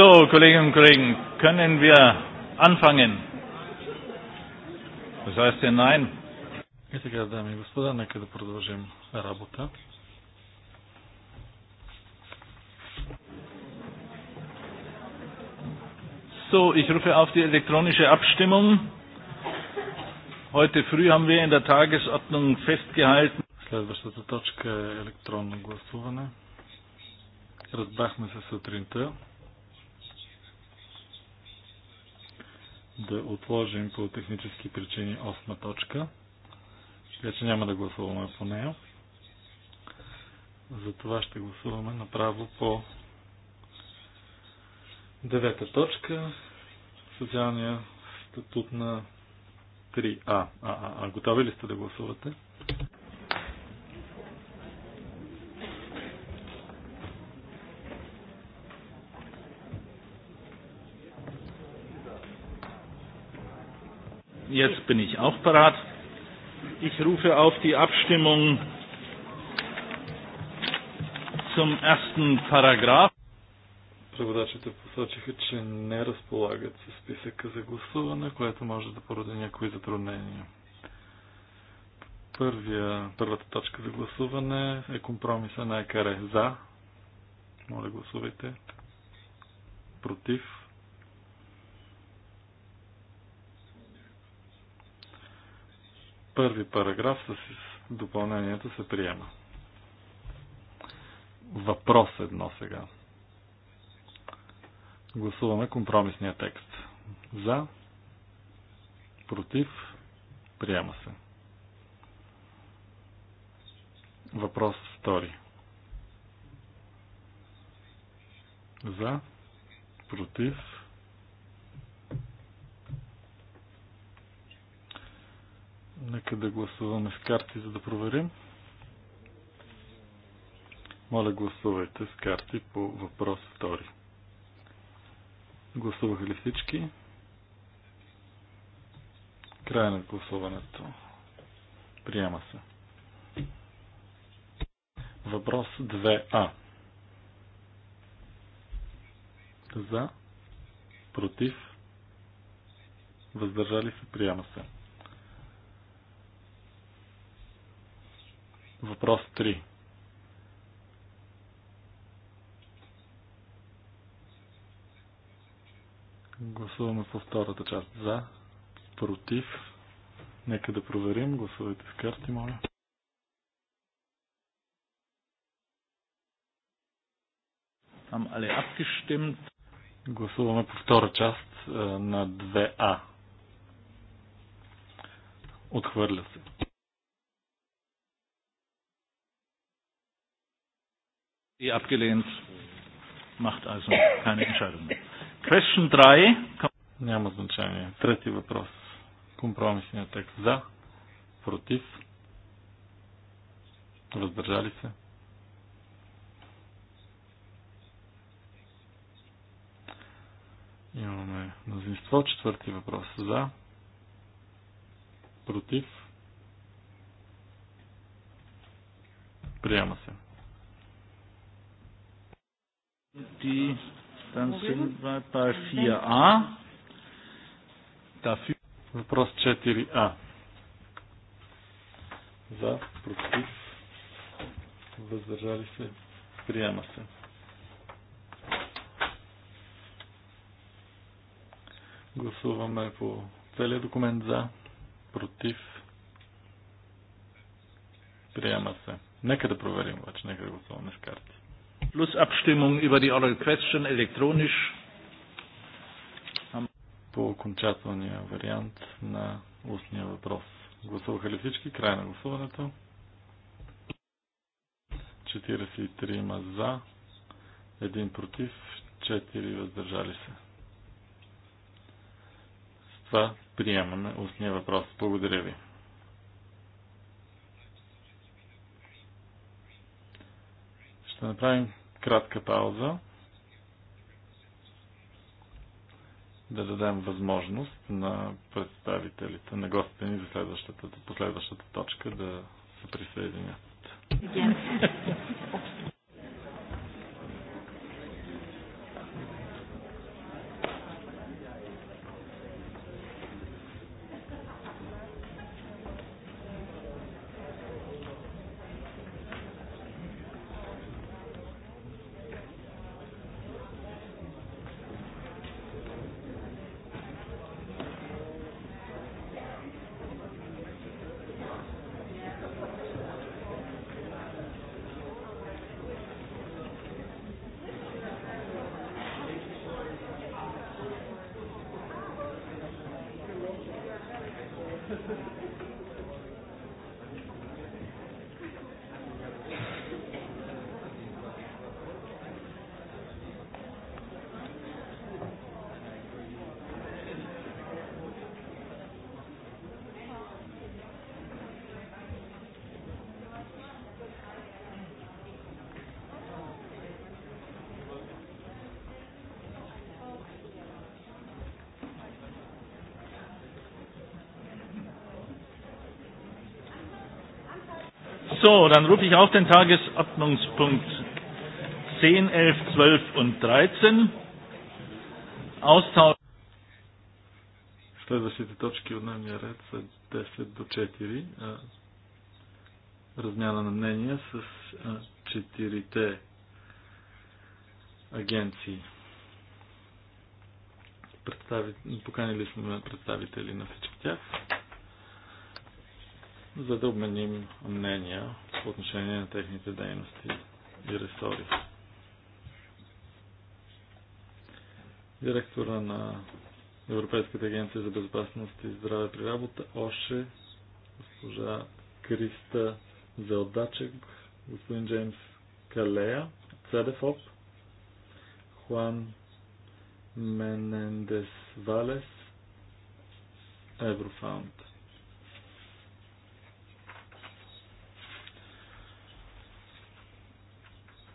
So, Kolleginnen und Kollegen, können wir anfangen? Was heißt denn nein. И сега, дами и господа, нека да продължим работа. So, ich rufe auf die elektronische Abstimmung. Heute früh haben wir in der Tagesordnung festgehalten. Следващата точка е електронно гласуване. Разбрахме се сутринта. да отложим по технически причини 8 точка. Така че няма да гласуваме по нея. Затова ще гласуваме направо по девета точка. Социалния статут на 3А. А, а, а готови ли сте да гласувате? Jetzt bin ich auch parat. Ich rufe auf die Abstimmung zum ersten Paragraph. Преводачите посочиха, че не разполагат с списъка за гласуване, което може да породи някои затруднения. Първия, първата точка за гласуване е компромиса на ЕКАРЕ. За. Моля, гласувайте. Против. Първи параграф с допълнението се приема. Въпрос едно сега. Гласуваме компромисния текст. За, против, приема се. Въпрос втори. За, против, Нека да гласуваме с карти, за да проверим. Моля, гласувайте с карти по въпрос 2. Гласуваха ли всички? Край на гласуването. Приема се. Въпрос 2а. За, против, въздържали се, приема се. Въпрос 3. Гласуваме по втората част. За, против. Нека да проверим. Гласувайте с карти, моля. Там але abgestimmt. Гласуваме по втора част на 2А. Отхвърля се. Die abgelehnt. Macht also keine Entscheidung. Question 3. Няма значение. Трети въпрос. Компромисният текст. За. Против. Въздържали се. Имаме мнозинство. Четвърти въпрос. За. Против. Приема се. Die, dann sind wir bei 4a. Dafür. Въпрос 4а. За, против, въздържали се, приема се. Гласуваме по целият документ за, против, приема се. Нека да проверим обаче, нека да гласуваме с карти. Schlussabstimmung über die oral question elektronisch. По окончателния вариант на устния въпрос. Гласуваха ли всички? Край на гласуването. 43 има за, 1 против, 4 въздържали се. С това приемаме устния въпрос. Благодаря ви. Ще направим кратка пауза. Да дадем възможност на представителите, на гостите ни за следващата, последващата точка да се присъединят. Yeah. So, dann rufe ich auf den Tagesordnungspunkt 10, 11, 12 und 13. Austausch. Следващите точки от дневния ред са 10 до 4. Размяна на мнения с четирите агенции. Представи... Поканили сме представители на всички тях за да обменим мнения по отношение на техните дейности и ресори. Директора на Европейската агенция за безопасност и здраве при работа, ОШЕ, госпожа Криста Зелдачек, господин Джеймс Калея, Цедефоп, Хуан Менендес Валес, Еврофаунд.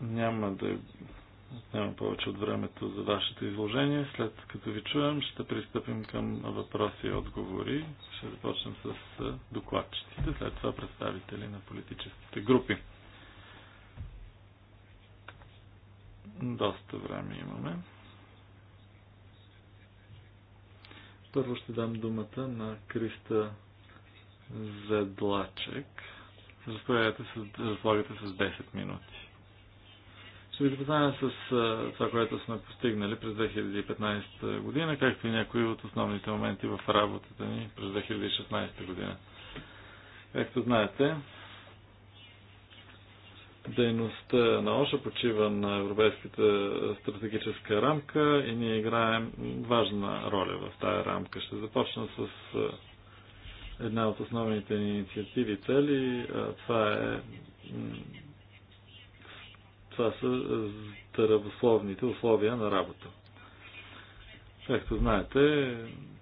Няма да е- няма повече от времето за вашето изложение. След като ви чуем, ще пристъпим към въпроси и отговори. Ще започнем с докладчиците, след това представители на политическите групи. Доста време имаме. Първо ще дам думата на Криста Зедлачек. Разполагате с, разполагате с 10 минути ще ви запознаем с това, което сме постигнали през 2015 година, както и някои от основните моменти в работата ни през 2016 година. Както знаете, дейността на ОША почива на Европейската стратегическа рамка и ние играем важна роля в тая рамка. Ще започна с една от основните ни инициативи цели. Това е това са здравословните условия на работа. Както знаете,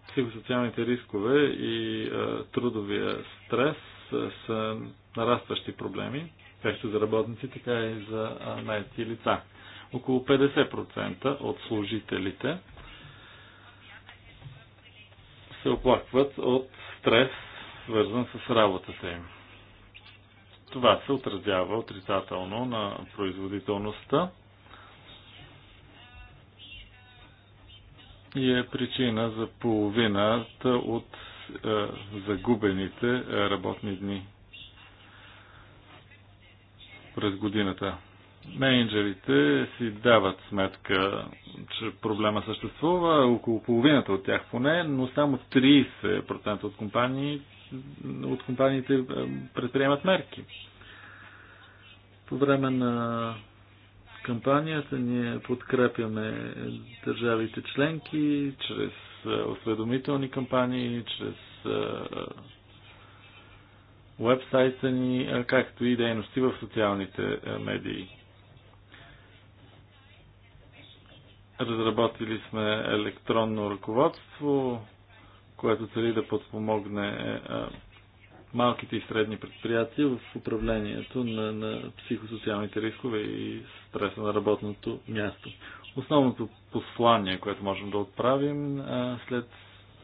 психосоциалните рискове и трудовия стрес са нарастващи проблеми, както за работници, така и за наети лица. Около 50% от служителите се оплакват от стрес, свързан с работата им това се отразява отрицателно на производителността и е причина за половината от е, загубените работни дни през годината. Менеджерите си дават сметка, че проблема съществува, около половината от тях поне, но само 30% от компаниите от компаниите е, предприемат мерки. По време на кампанията ние подкрепяме държавите членки чрез е, осведомителни кампании, чрез вебсайта е, ни, както и дейности в социалните медии. Разработили сме електронно ръководство, което цели да подпомогне е, малките и средни предприятия в управлението на, на психосоциалните рискове и стреса на работното място. Основното послание, което можем да отправим а, след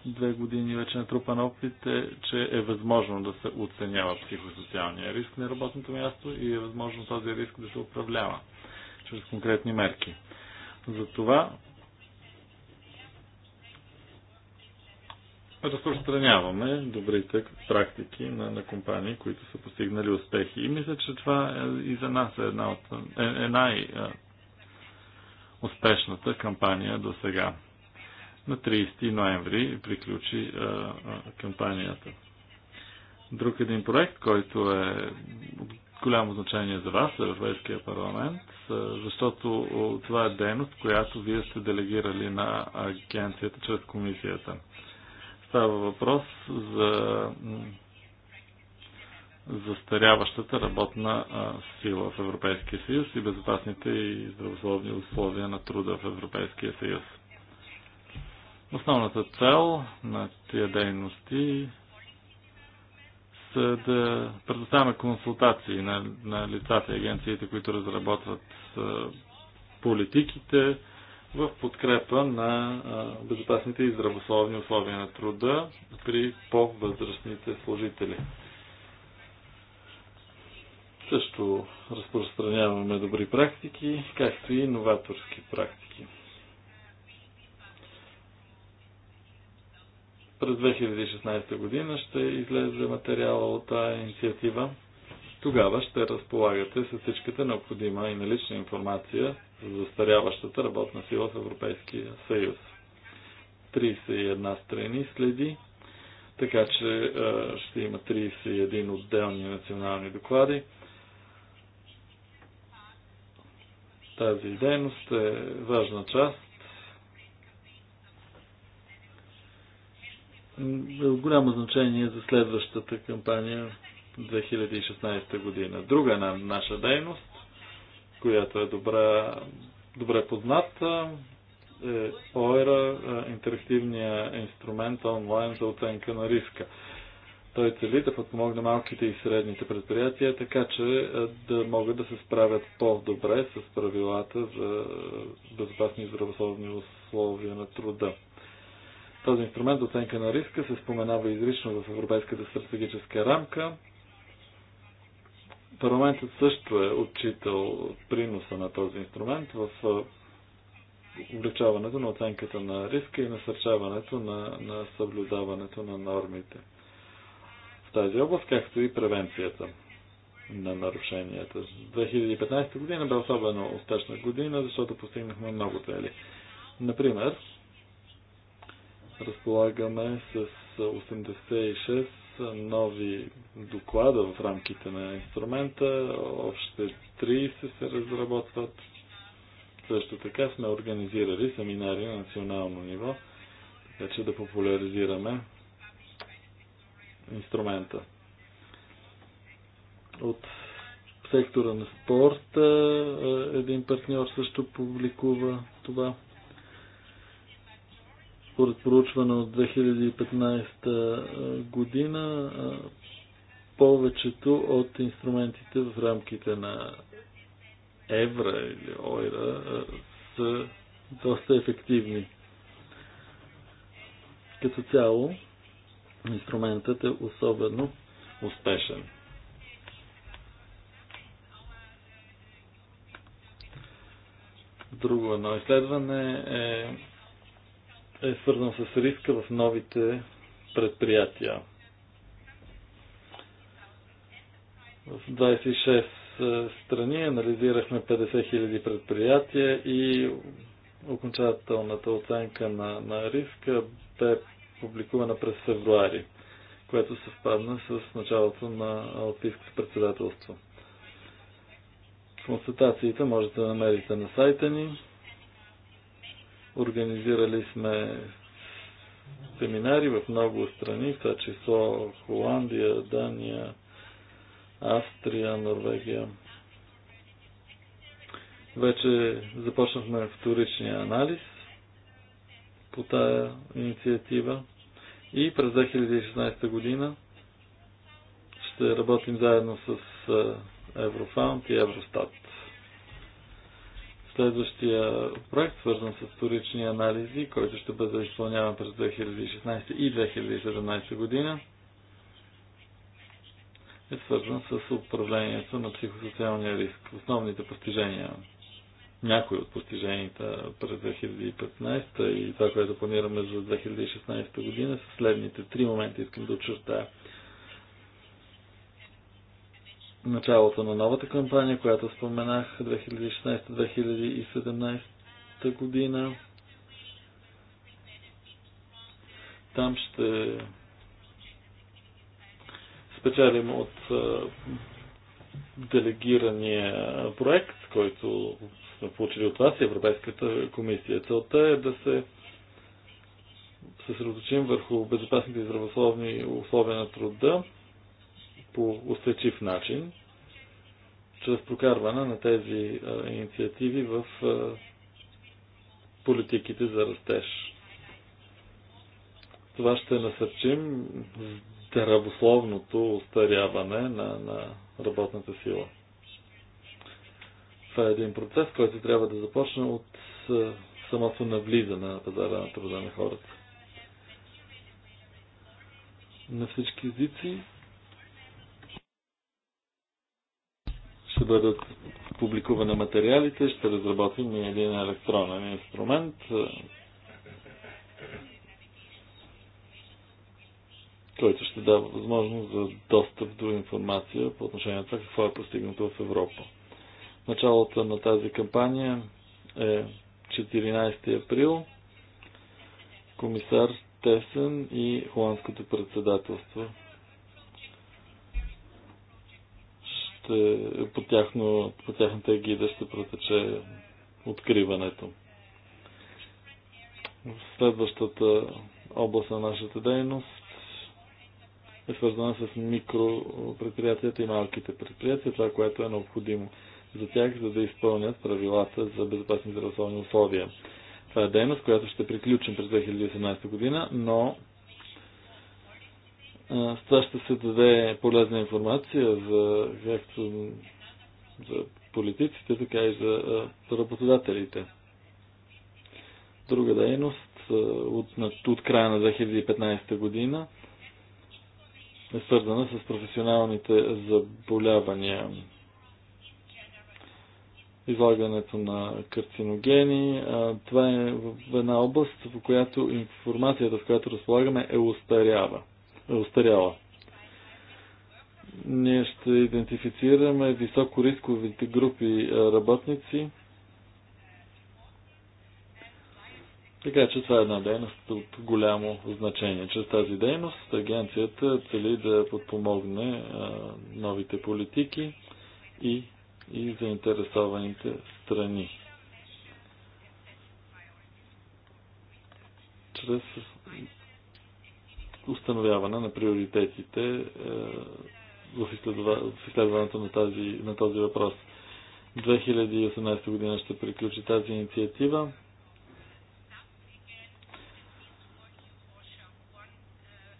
две години вече на на опит е, че е възможно да се оценява психосоциалния риск на работното място и е възможно този риск да се управлява чрез конкретни мерки. Затова разпространяваме добрите практики на, на компании, които са постигнали успехи. И мисля, че това е, и за нас е една от е, е най-успешната кампания до сега. На 30 ноември приключи е, е, кампанията. Друг един проект, който е от голямо значение за вас, Европейския парламент, защото това е дейност, която вие сте делегирали на агенцията чрез комисията. Става въпрос за застаряващата работна сила в Европейския съюз и безопасните и здравословни условия на труда в Европейския съюз. Основната цел на тия дейности са да предоставяме консултации на, на лицата и агенциите, които разработват политиките, в подкрепа на безопасните и здравословни условия на труда при по-възрастните служители. Също разпространяваме добри практики, както и новаторски практики. През 2016 година ще излезе материала от тази инициатива. Тогава ще разполагате с всичката необходима и налична информация застаряващата работна сила в Европейския съюз. 31 страни следи, така че е, ще има 31 отделни национални доклади. Тази дейност е важна част е, голямо значение за следващата кампания 2016 година. Друга наша дейност която е добре, добре позната. Е ОЕРА, интерактивния инструмент онлайн за оценка на риска. Той цели да подпомогне малките и средните предприятия, така че е, да могат да се справят по-добре с правилата за безопасни и здравословни условия на труда. Този инструмент за оценка на риска се споменава изрично в Европейската стратегическа рамка Парламентът също е отчитал приноса на този инструмент в облегчаването на оценката на риска и насърчаването на, на съблюдаването на нормите в тази област, както и превенцията на нарушенията. 2015 година бе особено успешна година, защото постигнахме много цели. Например, разполагаме с 86 нови доклада в рамките на инструмента. Още 30 се разработват. Също така сме организирали семинари на национално ниво, така че да популяризираме инструмента. От сектора на спорта е, един партньор също публикува това според проучване от 2015 година, повечето от инструментите в рамките на евра или ойра са доста ефективни. Като цяло, инструментът е особено успешен. Друго едно изследване е е свързан с риска в новите предприятия. В 26 е, страни анализирахме 50 000 предприятия и окончателната оценка на, на риска бе публикувана през февруари, което съвпадна с началото на Алтийското председателство. Констатациите можете да намерите на сайта ни. Организирали сме семинари в много страни, в това число Холандия, Дания, Австрия, Норвегия. Вече започнахме вторичния анализ по тая инициатива и през 2016 година ще работим заедно с Еврофаунд и Евростат. Следващия проект, свързан с вторични анализи, който ще бъде изпълняван през 2016 и 2017 година, е свързан с управлението на психосоциалния риск. Основните постижения, някои от постиженията през 2015 и това, което планираме за 2016 година, са следните три момента искам да очертая началото на новата кампания, която споменах 2016-2017 година. Там ще спечелим от делегирания проект, който сме получили от вас и Европейската комисия. Целта е да се съсредоточим върху безопасните и здравословни условия на труда по устойчив начин чрез прокарване на тези а, инициативи в а, политиките за растеж. Това ще насърчим здравословното устаряване на, на работната сила. Това е един процес, който трябва да започне от а, самото навлизане на пазара на труда на хората. На всички езици ще бъдат публикувани материалите, ще разработим и един електронен инструмент. който ще дава възможност за достъп до информация по отношение на това какво е постигнато в Европа. Началото на тази кампания е 14 април. Комисар Тесен и Холандското председателство ще, по, тяхно, по тяхната егида ще протече откриването. Следващата област на нашата дейност е свързана с микропредприятията и малките предприятия, това, което е необходимо за тях, за да изпълнят правилата за безопасни здравословни условия. Това е дейност, която ще приключим през 2018 година, но с това ще се даде полезна информация за, както за политиците, така и за, работодателите. Друга дейност от, от края на 2015 година е свързана с професионалните заболявания. Излагането на карциногени. Това е в една област, в която информацията, в която разполагаме, е устарява е устаряла. Ние ще идентифицираме високо рисковите групи е, работници. Така че това е една дейност от голямо значение. Чрез тази дейност агенцията цели да подпомогне е, новите политики и, и заинтересованите страни. Чрез установяване на приоритетите е, в, изследва, в изследването на, тази, на този въпрос. 2018 година ще приключи тази инициатива.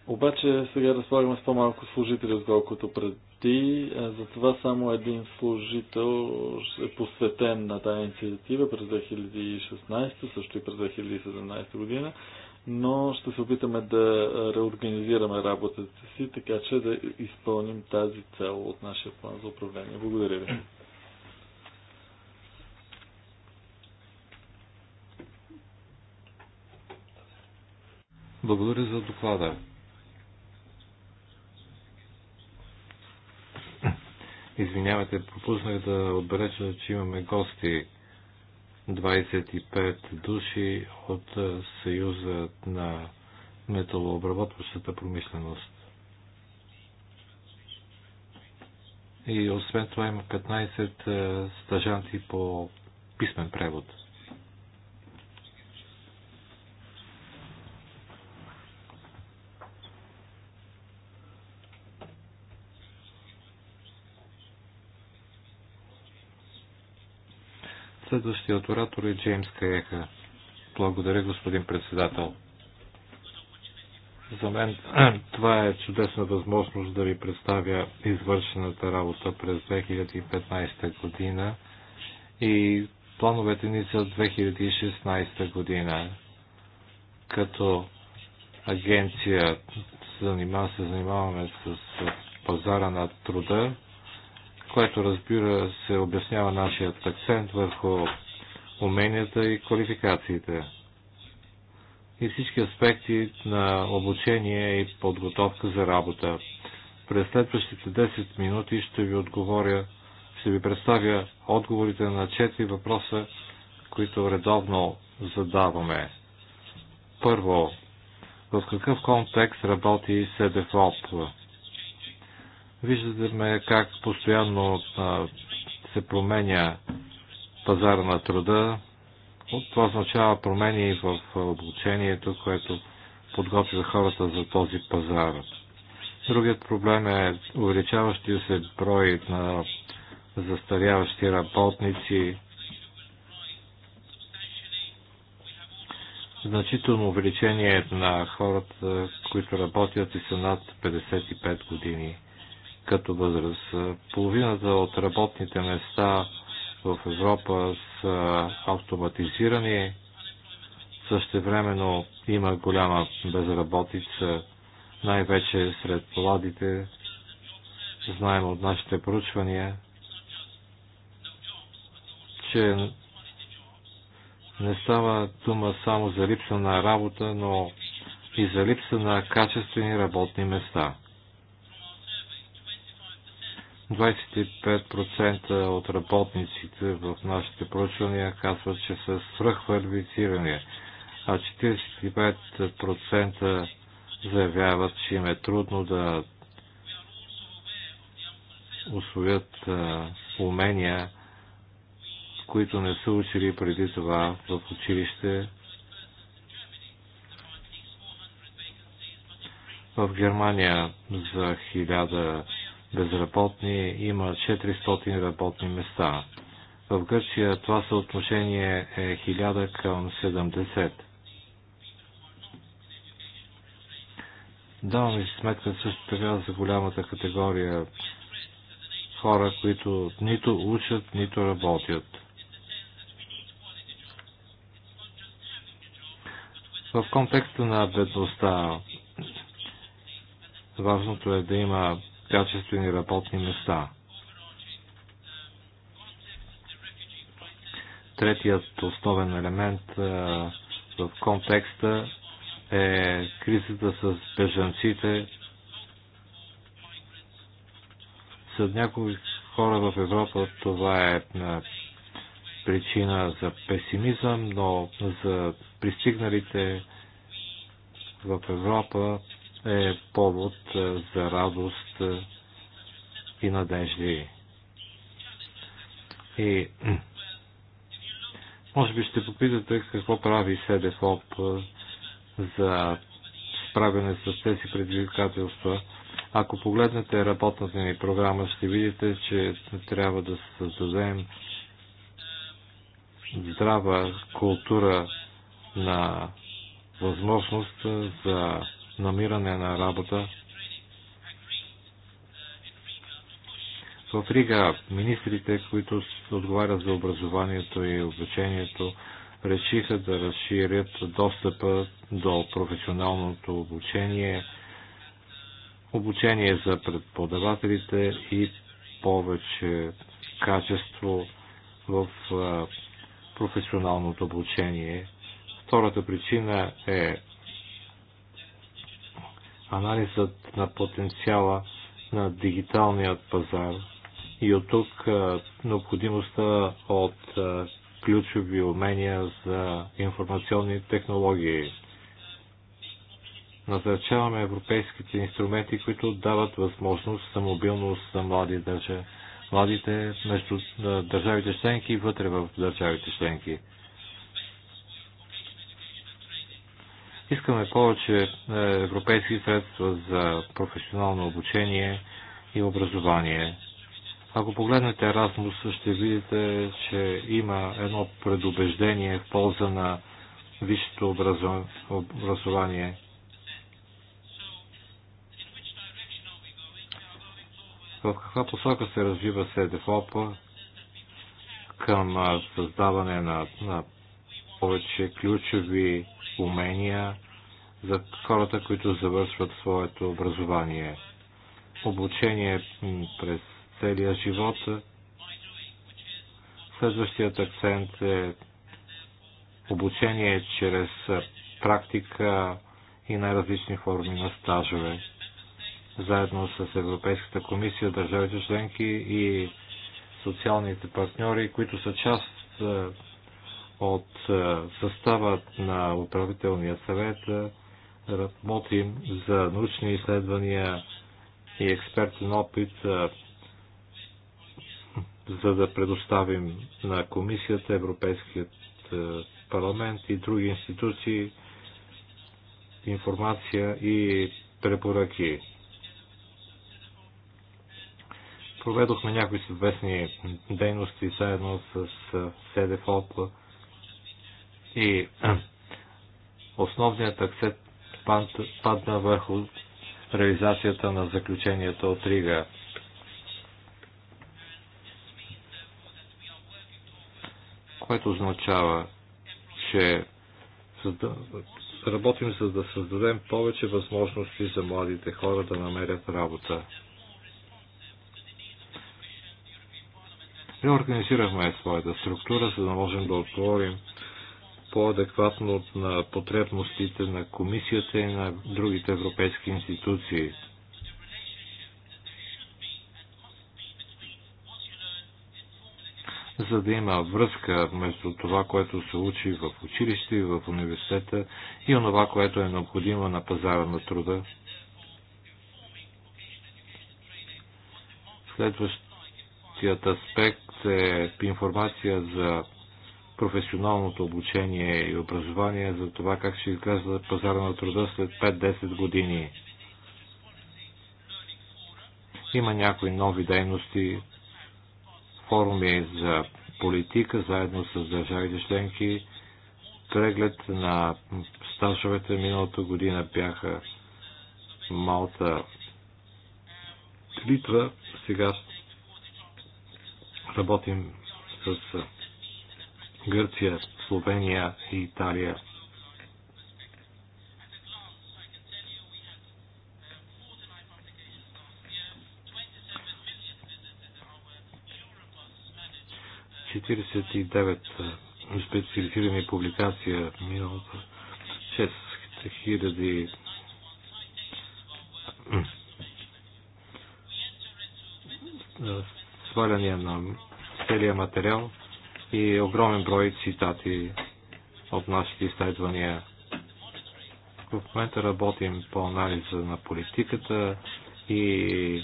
Обаче сега разполагаме с по-малко служители, отколкото преди. Е, затова само един служител е посветен на тази инициатива през 2016, също и през 2017 година но ще се опитаме да реорганизираме работата си, така че да изпълним тази цел от нашия план за управление. Благодаря ви. Благодаря за доклада. Извинявайте, пропуснах да отбележа, че имаме гости. 25 души от Съюза на металообработващата промишленост. И освен това има 15 стажанти по писмен превод. Следващият оратор е Джеймс Каеха. Благодаря, господин председател. За мен това е чудесна възможност да ви представя извършената работа през 2015 година и плановете ни за 2016 година. Като агенция занимава, се занимаваме с пазара на труда което разбира се обяснява нашият акцент върху уменията и квалификациите и всички аспекти на обучение и подготовка за работа. През следващите 10 минути ще ви отговоря, ще ви представя отговорите на 4 въпроса, които редовно задаваме. Първо, в какъв контекст работи СДФОП? Виждаме как постоянно се променя пазара на труда. Това означава промени в обучението, което подготвя хората за този пазар. Другият проблем е увеличаващия се брой на застаряващи работници. Значително увеличение на хората, които работят и са над 55 години като възраст. Половината от работните места в Европа са автоматизирани. Същевременно има голяма безработица, най-вече сред младите. Знаем от нашите проучвания, че не става дума само за липса на работа, но и за липса на качествени работни места. 25% от работниците в нашите проучвания казват, че са свръхвалифицирани, а 45% заявяват, че им е трудно да освоят умения, които не са учили преди това в училище. В Германия за 1000 безработни, има 400 работни места. В Гърция това съотношение е 1000 към 70. Давам ви сметка също така за голямата категория хора, които нито учат, нито работят. В контекста на бедността важното е да има качествени работни места. Третият основен елемент в контекста е кризата с бежанците. За някои хора в Европа това е причина за песимизъм, но за пристигналите в Европа е повод е, за радост е, и надежди. И може би ще попитате какво прави СДФОП е, за справяне с тези предизвикателства. Ако погледнете работната ни програма, ще видите, че трябва да създадем здрава култура на възможност за намиране на работа. В Рига министрите, които отговарят за образованието и обучението, решиха да разширят достъпа до професионалното обучение, обучение за преподавателите и повече качество в професионалното обучение. Втората причина е анализът на потенциала на дигиталният пазар и от тук необходимостта от ключови умения за информационни технологии. Назначаваме европейските инструменти, които дават възможност за мобилност на млади държави младите между държавите членки и вътре в държавите членки. Искаме повече е, европейски средства за професионално обучение и образование. Ако погледнете Erasmus, ще видите, че има едно предубеждение в полза на висшето образование. В каква посока се развива СДФОП към създаване на, на повече ключови умения за хората, които завършват своето образование. Обучение през целия живот. Следващият акцент е обучение чрез практика и най-различни форми на стажове. Заедно с Европейската комисия, държавите членки и социалните партньори, които са част от е, състава на управителния съвет е, работим за научни изследвания и експертен опит, е, за да предоставим на Комисията, Европейският парламент и други институции информация и препоръки. Проведохме някои съвместни дейности заедно с СДФОП и основният акцент падна върху реализацията на заключението от Рига. Което означава, че работим за да създадем повече възможности за младите хора да намерят работа. Реорганизирахме своята структура, за да можем да отговорим по-адекватно от на потребностите на комисията и на другите европейски институции. За да има връзка между това, което се учи в училище и в университета и онова, което е необходимо на пазара на труда. Следващият аспект е информация за професионалното обучение и образование за това как ще изглежда пазара на труда след 5-10 години. Има някои нови дейности, форуми за политика, заедно с държавите членки, преглед на стажовете миналата година бяха Малта, Литва. Сега работим с Гърция, Словения и Италия. специализирани публикации миналата 6000 сваляния на целия материал и огромен брой цитати от нашите изследвания. В момента работим по анализа на политиката и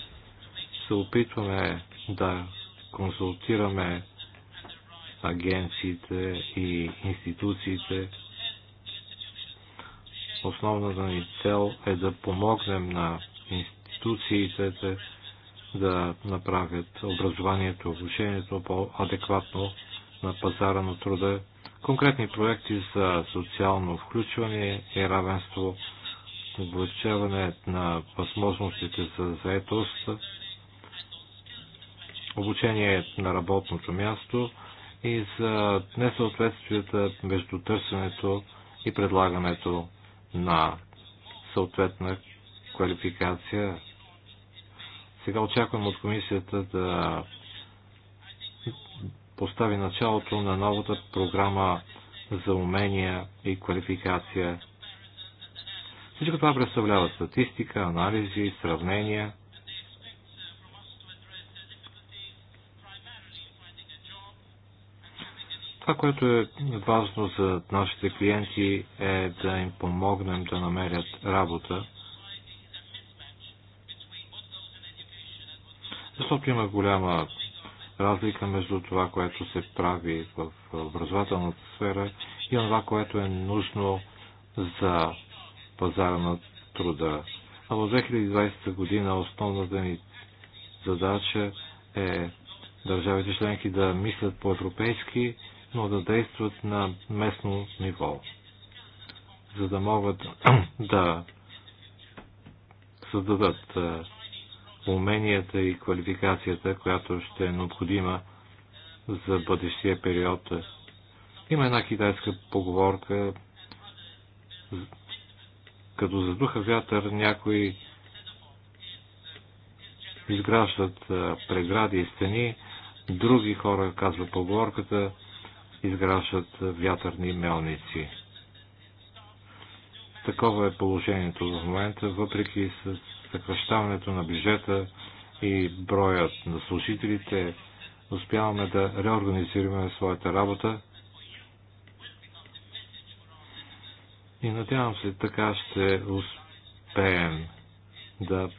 се опитваме да консултираме агенциите и институциите. Основната ни цел е да помогнем на институциите да направят образованието, обучението по-адекватно на пазара на труда, конкретни проекти за социално включване и равенство, облегчаване на възможностите за заетост, обучение на работното място и за несъответствията между търсенето и предлагането на съответна квалификация. Сега очаквам от комисията да постави началото на новата програма за умения и квалификация. Всичко това представлява статистика, анализи, сравнения. Това, което е важно за нашите клиенти е да им помогнем да намерят работа. Защото има голяма разлика между това, което се прави в образователната сфера и това, което е нужно за пазара на труда. А в 2020 година основната ни задача е държавите членки да мислят по-европейски, но да действат на местно ниво, за да могат да създадат уменията и квалификацията, която ще е необходима за бъдещия период. Има една китайска поговорка. Като задуха вятър, някои изграждат прегради и стени, други хора, казва поговорката, изграждат вятърни мелници. Такова е положението в момента, въпреки с съкръщаването на бюджета и броят на служителите, успяваме да реорганизираме своята работа. И надявам се, така ще успеем да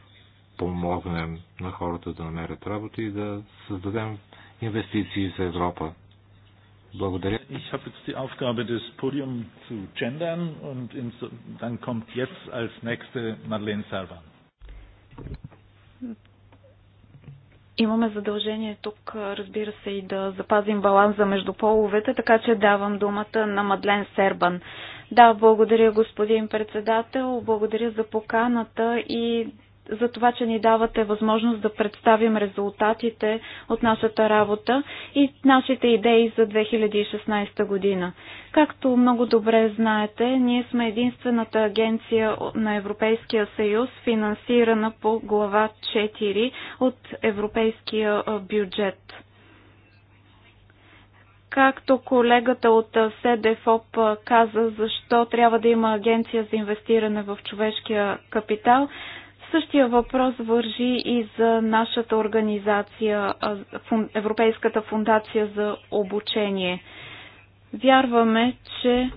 помогнем на хората да намерят работа и да създадем инвестиции за Европа. Благодаря. Ich habe jetzt die Aufgabe, das Podium zu gendern und in, dann kommt jetzt als nächste Madeleine Имаме задължение тук, разбира се, и да запазим баланса между половете, така че давам думата на Мадлен Сербан. Да, благодаря господин председател, благодаря за поканата и за това, че ни давате възможност да представим резултатите от нашата работа и нашите идеи за 2016 година. Както много добре знаете, ние сме единствената агенция на Европейския съюз, финансирана по глава 4 от Европейския бюджет както колегата от СДФОП каза, защо трябва да има агенция за инвестиране в човешкия капитал, Същия въпрос вържи и за нашата организация, Европейската фундация за обучение. Вярваме, че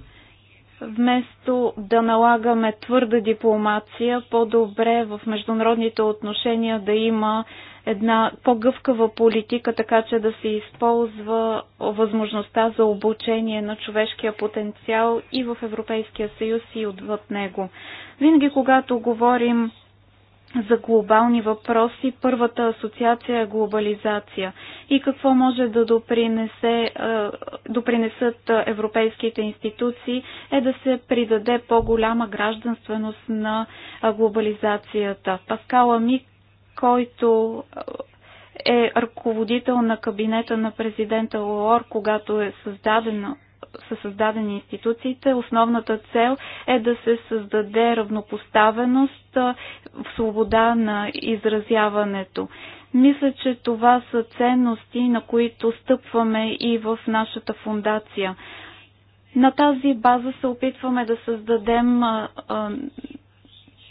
вместо да налагаме твърда дипломация, по-добре в международните отношения да има една по-гъвкава политика, така че да се използва възможността за обучение на човешкия потенциал и в Европейския съюз и отвъд него. Винаги, когато говорим за глобални въпроси. Първата асоциация е глобализация и какво може да допринесе, допринесат европейските институции е да се придаде по-голяма гражданственост на глобализацията. Паскала Ми, който е ръководител на кабинета на президента Лор, когато е създадена са създадени институциите, основната цел е да се създаде равнопоставеност в свобода на изразяването. Мисля, че това са ценности, на които стъпваме и в нашата фундация. На тази база се опитваме да създадем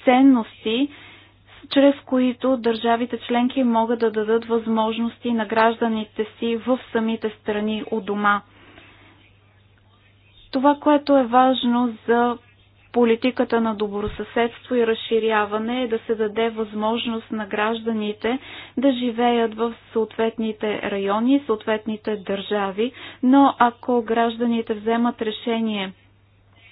ценности, чрез които държавите членки могат да дадат възможности на гражданите си в самите страни у дома това, което е важно за политиката на добросъседство и разширяване е да се даде възможност на гражданите да живеят в съответните райони, съответните държави, но ако гражданите вземат решение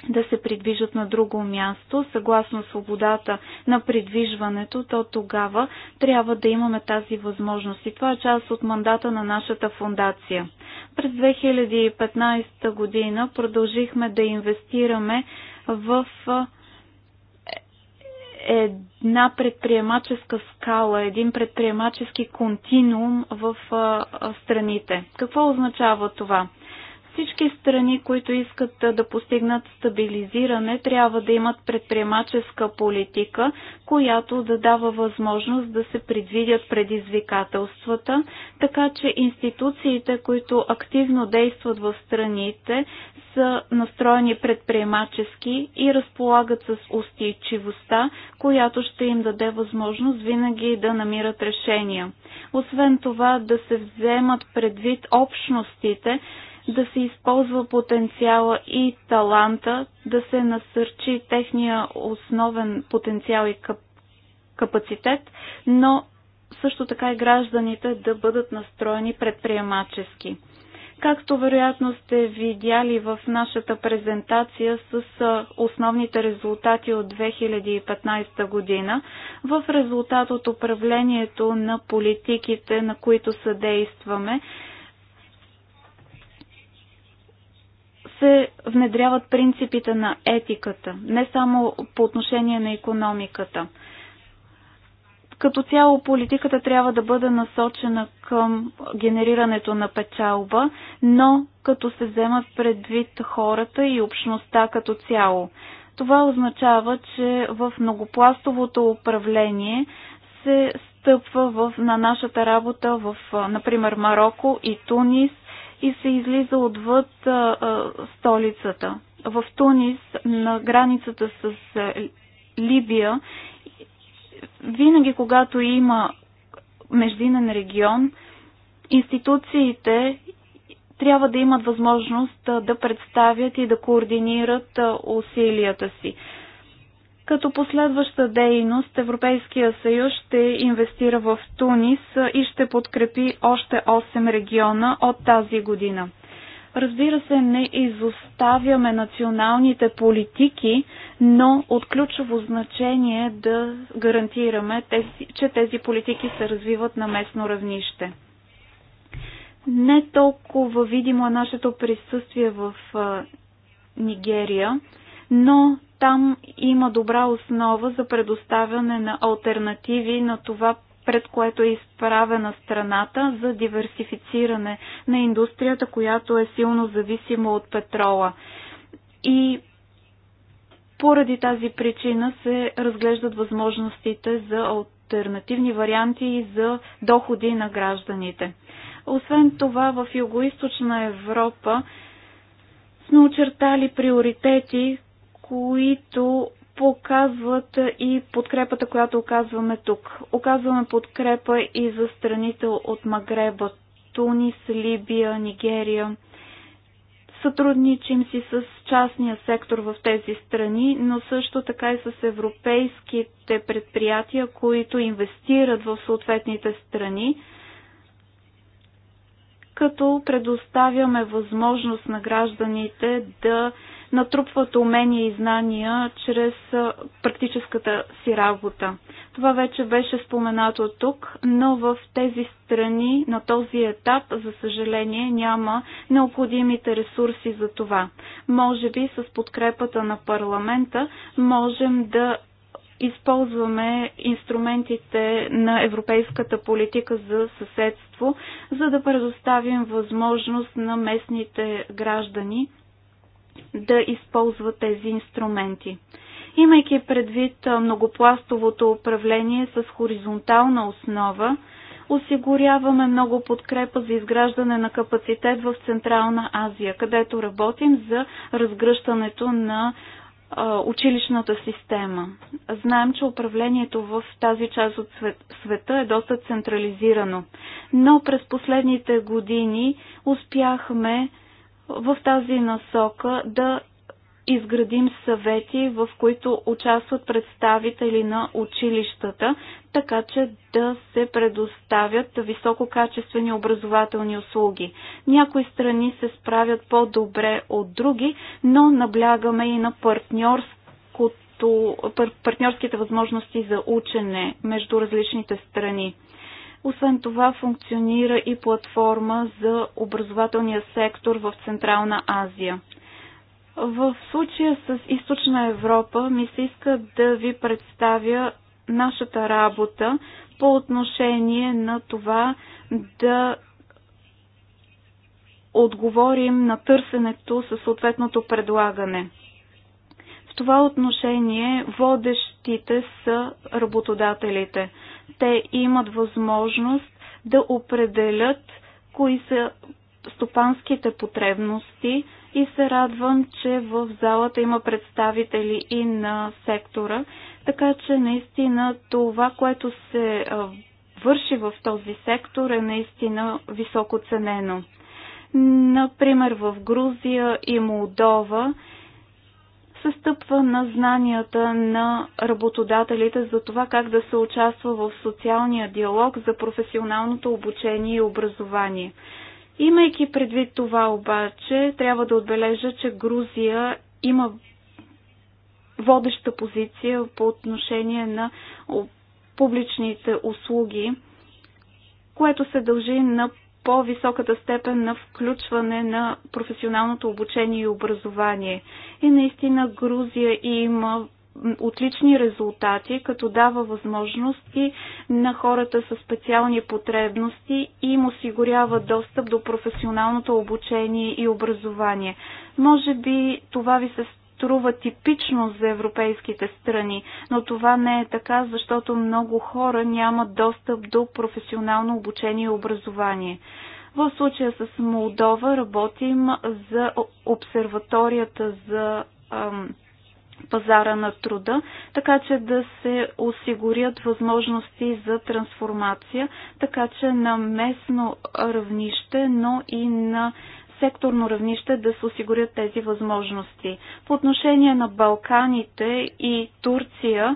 да се придвижат на друго място, съгласно свободата на придвижването, то тогава трябва да имаме тази възможност. И това е част от мандата на нашата фундация. През 2015 година продължихме да инвестираме в е, една предприемаческа скала, един предприемачески континуум в страните. Какво означава това? Всички страни, които искат да постигнат стабилизиране, трябва да имат предприемаческа политика, която да дава възможност да се предвидят предизвикателствата, така че институциите, които активно действат в страните, са настроени предприемачески и разполагат с устойчивостта, която ще им даде възможност винаги да намират решения. Освен това да се вземат предвид общностите, да се използва потенциала и таланта, да се насърчи техния основен потенциал и кап- капацитет, но също така и гражданите да бъдат настроени предприемачески. Както вероятно сте видяли в нашата презентация с основните резултати от 2015 година, в резултат от управлението на политиките, на които съдействаме, се внедряват принципите на етиката, не само по отношение на економиката. Като цяло политиката трябва да бъде насочена към генерирането на печалба, но като се вземат предвид хората и общността като цяло. Това означава, че в многопластовото управление се стъпва в, на нашата работа в, например, Марокко и Тунис, и се излиза отвъд а, а, столицата. В Тунис, на границата с а, Либия, винаги когато има междинен регион, институциите трябва да имат възможност да представят и да координират усилията си. Като последваща дейност Европейския съюз ще инвестира в Тунис и ще подкрепи още 8 региона от тази година. Разбира се, не изоставяме националните политики, но от ключово значение е да гарантираме, тези, че тези политики се развиват на местно равнище. Не толкова видимо е нашето присъствие в Нигерия, но там има добра основа за предоставяне на альтернативи на това, пред което е изправена страната за диверсифициране на индустрията, която е силно зависима от петрола. И поради тази причина се разглеждат възможностите за альтернативни варианти и за доходи на гражданите. Освен това, в Юго-Источна Европа сме очертали приоритети, които показват и подкрепата, която оказваме тук. Оказваме подкрепа и за страните от Магреба, Тунис, Либия, Нигерия. Сътрудничим си с частния сектор в тези страни, но също така и с европейските предприятия, които инвестират в съответните страни, като предоставяме възможност на гражданите да натрупват умения и знания чрез практическата си работа. Това вече беше споменато тук, но в тези страни на този етап, за съжаление, няма необходимите ресурси за това. Може би с подкрепата на парламента можем да използваме инструментите на европейската политика за съседство, за да предоставим възможност на местните граждани да използват тези инструменти. Имайки предвид многопластовото управление с хоризонтална основа, осигуряваме много подкрепа за изграждане на капацитет в Централна Азия, където работим за разгръщането на училищната система. Знаем, че управлението в тази част от света е доста централизирано, но през последните години успяхме в тази насока да изградим съвети, в които участват представители на училищата, така че да се предоставят висококачествени образователни услуги. Някои страни се справят по-добре от други, но наблягаме и на партньорските възможности за учене между различните страни. Освен това функционира и платформа за образователния сектор в Централна Азия. В случая с Източна Европа ми се иска да ви представя нашата работа по отношение на това да отговорим на търсенето със съответното предлагане. В това отношение водещите са работодателите те имат възможност да определят кои са стопанските потребности и се радвам, че в залата има представители и на сектора, така че наистина това, което се върши в този сектор е наистина високо ценено. Например, в Грузия и Молдова се стъпва на знанията на работодателите за това как да се участва в социалния диалог за професионалното обучение и образование. Имайки предвид това обаче, трябва да отбележа, че Грузия има водеща позиция по отношение на публичните услуги, което се дължи на по-високата степен на включване на професионалното обучение и образование. И наистина Грузия има отлични резултати, като дава възможности на хората с специални потребности и им осигурява достъп до професионалното обучение и образование. Може би това ви се струва типично за европейските страни, но това не е така, защото много хора нямат достъп до професионално обучение и образование. В случая с Молдова работим за обсерваторията за ам, пазара на труда, така че да се осигурят възможности за трансформация, така че на местно равнище, но и на секторно равнище да се осигурят тези възможности. По отношение на Балканите и Турция,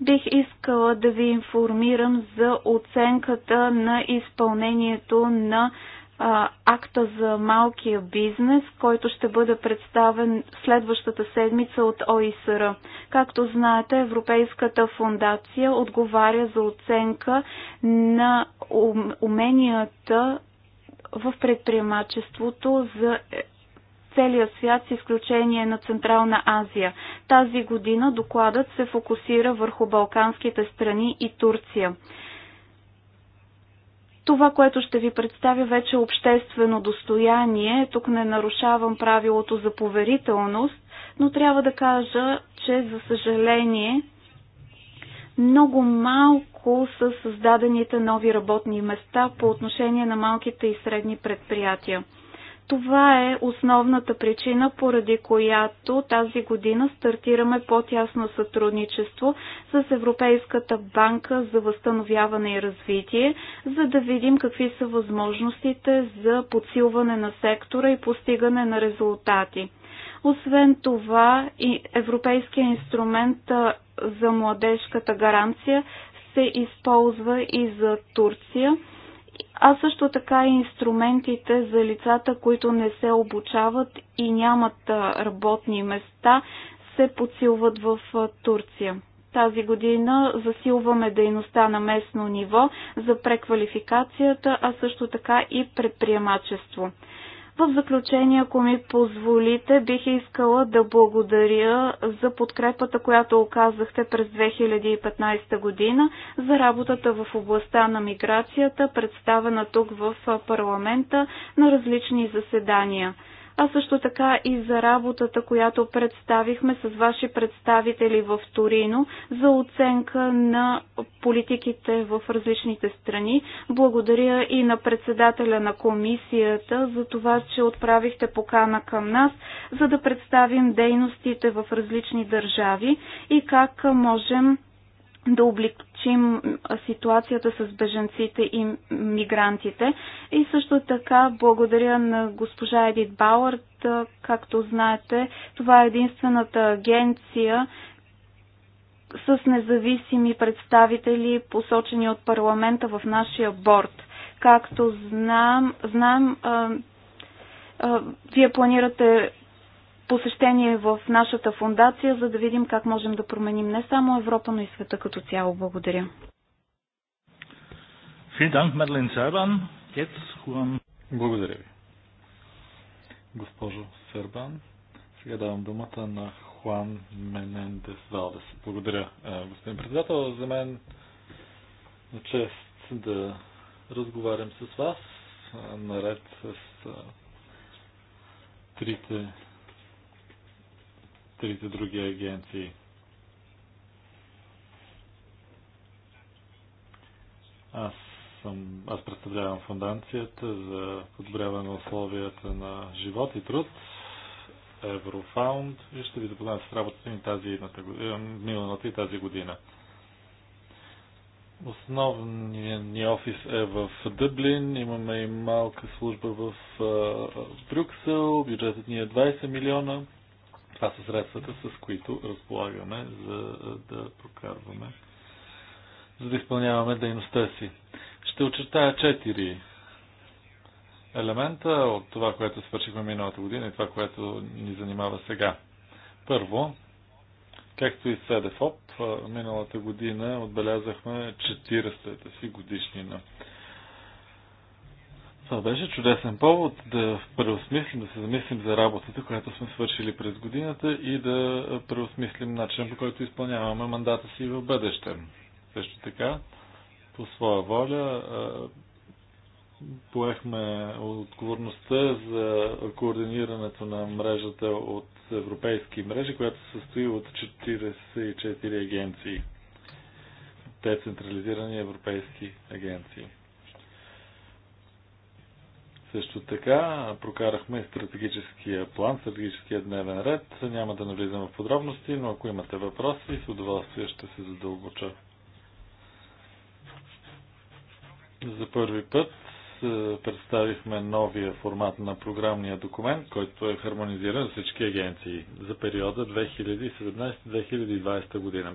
бих искала да ви информирам за оценката на изпълнението на а, акта за малкия бизнес, който ще бъде представен следващата седмица от ОИСР. Както знаете, Европейската фундация отговаря за оценка на уменията в предприемачеството за целия свят с изключение на Централна Азия. Тази година докладът се фокусира върху Балканските страни и Турция. Това, което ще ви представя вече е обществено достояние. Тук не нарушавам правилото за поверителност, но трябва да кажа, че за съжаление много малко колко са създадените нови работни места по отношение на малките и средни предприятия. Това е основната причина, поради която тази година стартираме по-тясно сътрудничество с Европейската банка за възстановяване и развитие, за да видим какви са възможностите за подсилване на сектора и постигане на резултати. Освен това, и Европейския инструмент за младежката гаранция се използва и за Турция, а също така и инструментите за лицата, които не се обучават и нямат работни места, се подсилват в Турция. Тази година засилваме дейността на местно ниво за преквалификацията, а също така и предприемачество. В заключение, ако ми позволите, бих искала да благодаря за подкрепата, която оказахте през 2015 година за работата в областта на миграцията, представена тук в парламента на различни заседания а също така и за работата, която представихме с ваши представители в Торино за оценка на политиките в различните страни. Благодаря и на председателя на комисията за това, че отправихте покана към нас, за да представим дейностите в различни държави и как можем да облегчим ситуацията с беженците и мигрантите. И също така благодаря на госпожа Едит Бауърт. Както знаете, това е единствената агенция с независими представители, посочени от парламента в нашия борт. Както знам, знам а, а, вие планирате посещение в нашата фундация, за да видим как можем да променим не само Европа, но и света като цяло. Благодаря. Благодаря ви. Госпожо Сърбан, сега давам думата на Хуан Менендес Валдес. Благодаря, е, господин председател. За мен на е чест да разговарям с вас, е, наред с трите трите други агенции. Аз, съм, аз представлявам фундацията за подобряване на условията на живот и труд, Еврофаунд и ще ви запознаем с работата ни тази, е, миналата и тази година. Основният ни офис е в Дъблин, имаме и малка служба в Брюксел, бюджетът ни е 20 милиона – това са средствата, с които разполагаме, за е, да прокарваме, за да изпълняваме дейността си. Ще очертая четири елемента от това, което свършихме миналата година и това, което ни занимава сега. Първо, както и ЕДФОП, е, миналата година отбелязахме 40-та си годишнина. Това беше чудесен повод да преосмислим, да се замислим за работата, която сме свършили през годината и да преосмислим начинът, по който изпълняваме мандата си в бъдеще. Също така, по своя воля, поехме отговорността за координирането на мрежата от европейски мрежи, която се състои от 44 агенции. Те централизирани европейски агенции. Също така прокарахме стратегическия план, стратегическия дневен ред. Няма да навлизам в подробности, но ако имате въпроси, с удоволствие ще се задълбоча. За първи път е, представихме новия формат на програмния документ, който е хармонизиран за всички агенции за периода 2017-2020 година.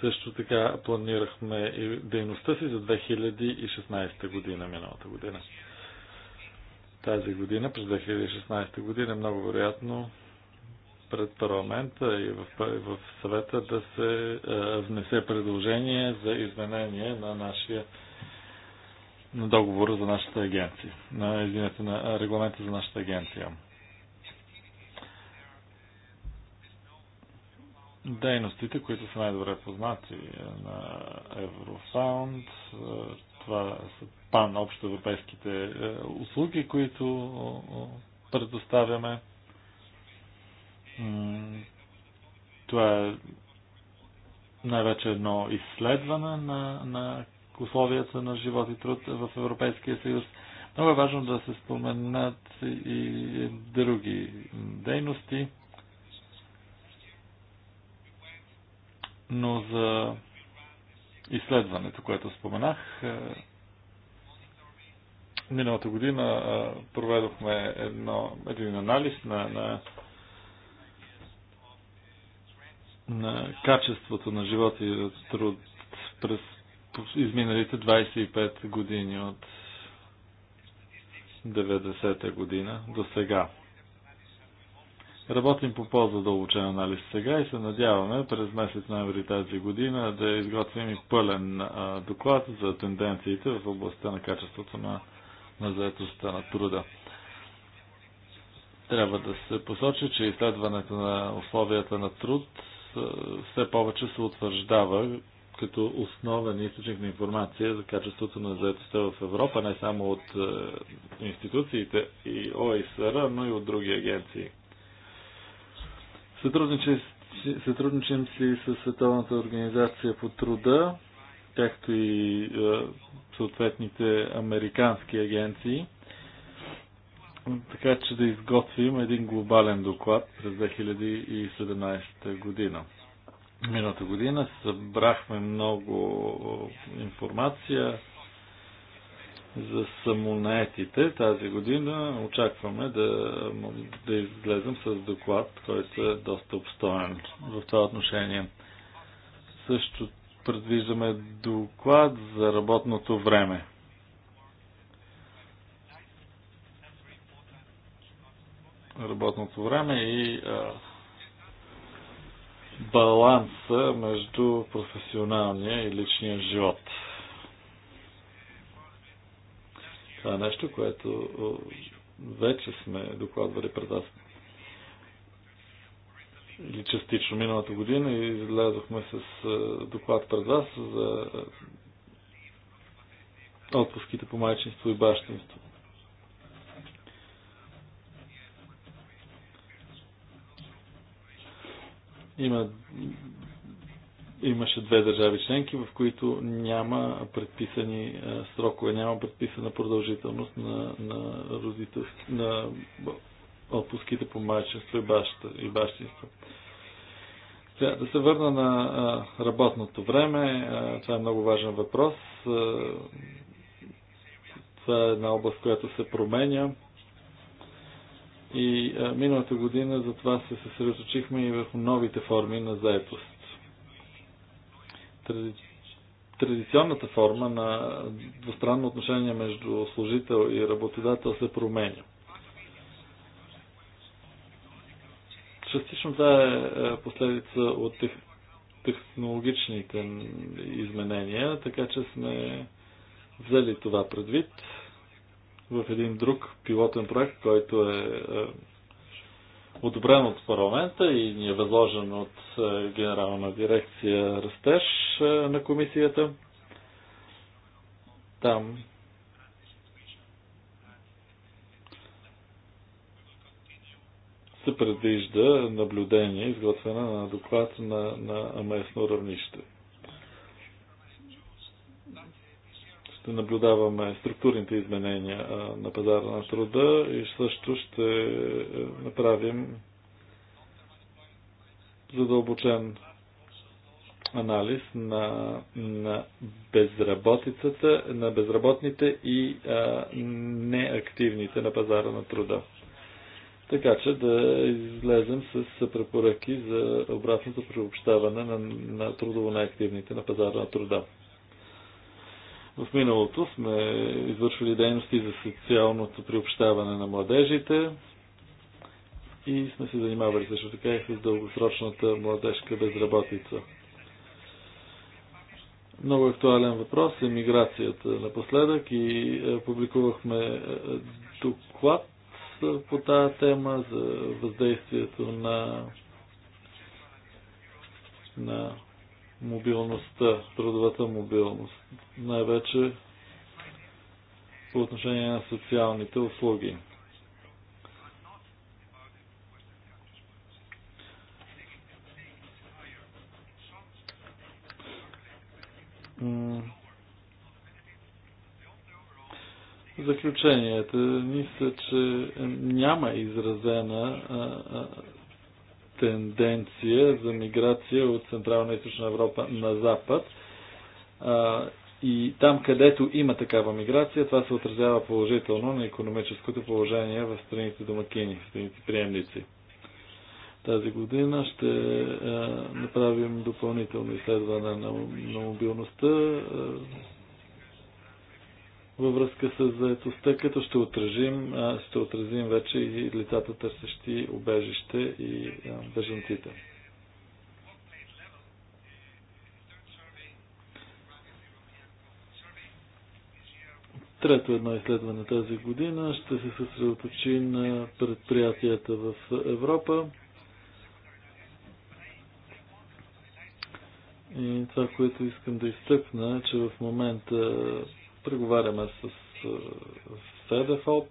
Също така планирахме и дейността си за 2016 година, миналата година. Тази година, през 2016 година, много вероятно пред парламента и в, в съвета да се е, внесе предложение за изменение на нашия на договора за нашата агенция, на, извинете, на регламента за нашата агенция. дейностите, които са най-добре познати е, на Еврофаунд. Е, това са пан-общоевропейските е, услуги, които предоставяме. Това е най-вече едно изследване на, на условията на живот и труд в Европейския съюз. Много е важно да се споменат и други дейности Но за изследването, което споменах, е, миналата година е, проведохме едно, един анализ на, на, на качеството на живота и труд през изминалите 25 години от 90-та година до сега. Работим по по-задълбочен анализ сега и се надяваме през месец ноември тази година да изготвим и пълен доклад за тенденциите в областта на качеството на, на заетостта на труда. Трябва да се посочи, че изследването на условията на труд все повече се утвърждава като основен източник на информация за качеството на заедостта в Европа, не само от институциите и ОИСР, но и от други агенции. Сътрудничим, сътрудничим си с Световната организация по труда, както и е, съответните американски агенции, така че да изготвим един глобален доклад през 2017 година. Миналата година събрахме много е, информация, за самонаетите тази година очакваме да, да излезем с доклад, който е доста обстоен в това отношение. Също предвиждаме доклад за работното време. Работното време и а, баланса между професионалния и личния живот. Това е нещо, което вече сме докладвали пред вас. Или частично миналата година излязохме с е, доклад пред вас за отпуските по майчинство и бащинство. Има имаше две държави членки, в които няма предписани е, срокове, няма предписана продължителност на, на, на отпуските по майчество и, и бащинство. Сега, да се върна на е, работното време. Е, това е много важен въпрос. Това е една област, която се променя. И миналата година затова се съсредоточихме и върху новите форми на заетост традиционната форма на двустранно отношение между служител и работодател се променя. Частично това е, е последица от тех... технологичните изменения, така че сме взели това предвид в един друг пилотен проект, който е, е одобрен от парламента и ни е възложен от е, Генерална дирекция Растеж е, на комисията. Там се предвижда наблюдение, изготвяне на доклад на, на местно равнище. ще наблюдаваме структурните изменения на пазара на труда и също ще е, направим задълбочен анализ на, на безработицата, на безработните и а, неактивните на пазара на труда. Така че да излезем с препоръки за обратното приобщаване на, на трудово неактивните на пазара на труда. В миналото сме извършвали дейности за социалното приобщаване на младежите и сме се занимавали също така и с дългосрочната младежка безработица. Много актуален въпрос е миграцията. Напоследък и е, публикувахме е, доклад е, по тази тема за въздействието на, на мобилността, трудовата мобилност, най-вече по отношение на социалните услуги. Заключението, мисля, че няма изразена тенденция за миграция от Централна и Източна Европа на Запад. И там, където има такава миграция, това се отразява положително на економическото положение в страните домакини, в страните приемници. Тази година ще направим допълнително изследване на, мобилността във връзка с заедостта, като ще отразим, ще отразим вече и лицата търсещи обежище и беженците. Трето едно изследване тази година ще се съсредоточи на предприятията в Европа. И това, което искам да изтъкна, е, че в момента Преговаряме с Федефоп,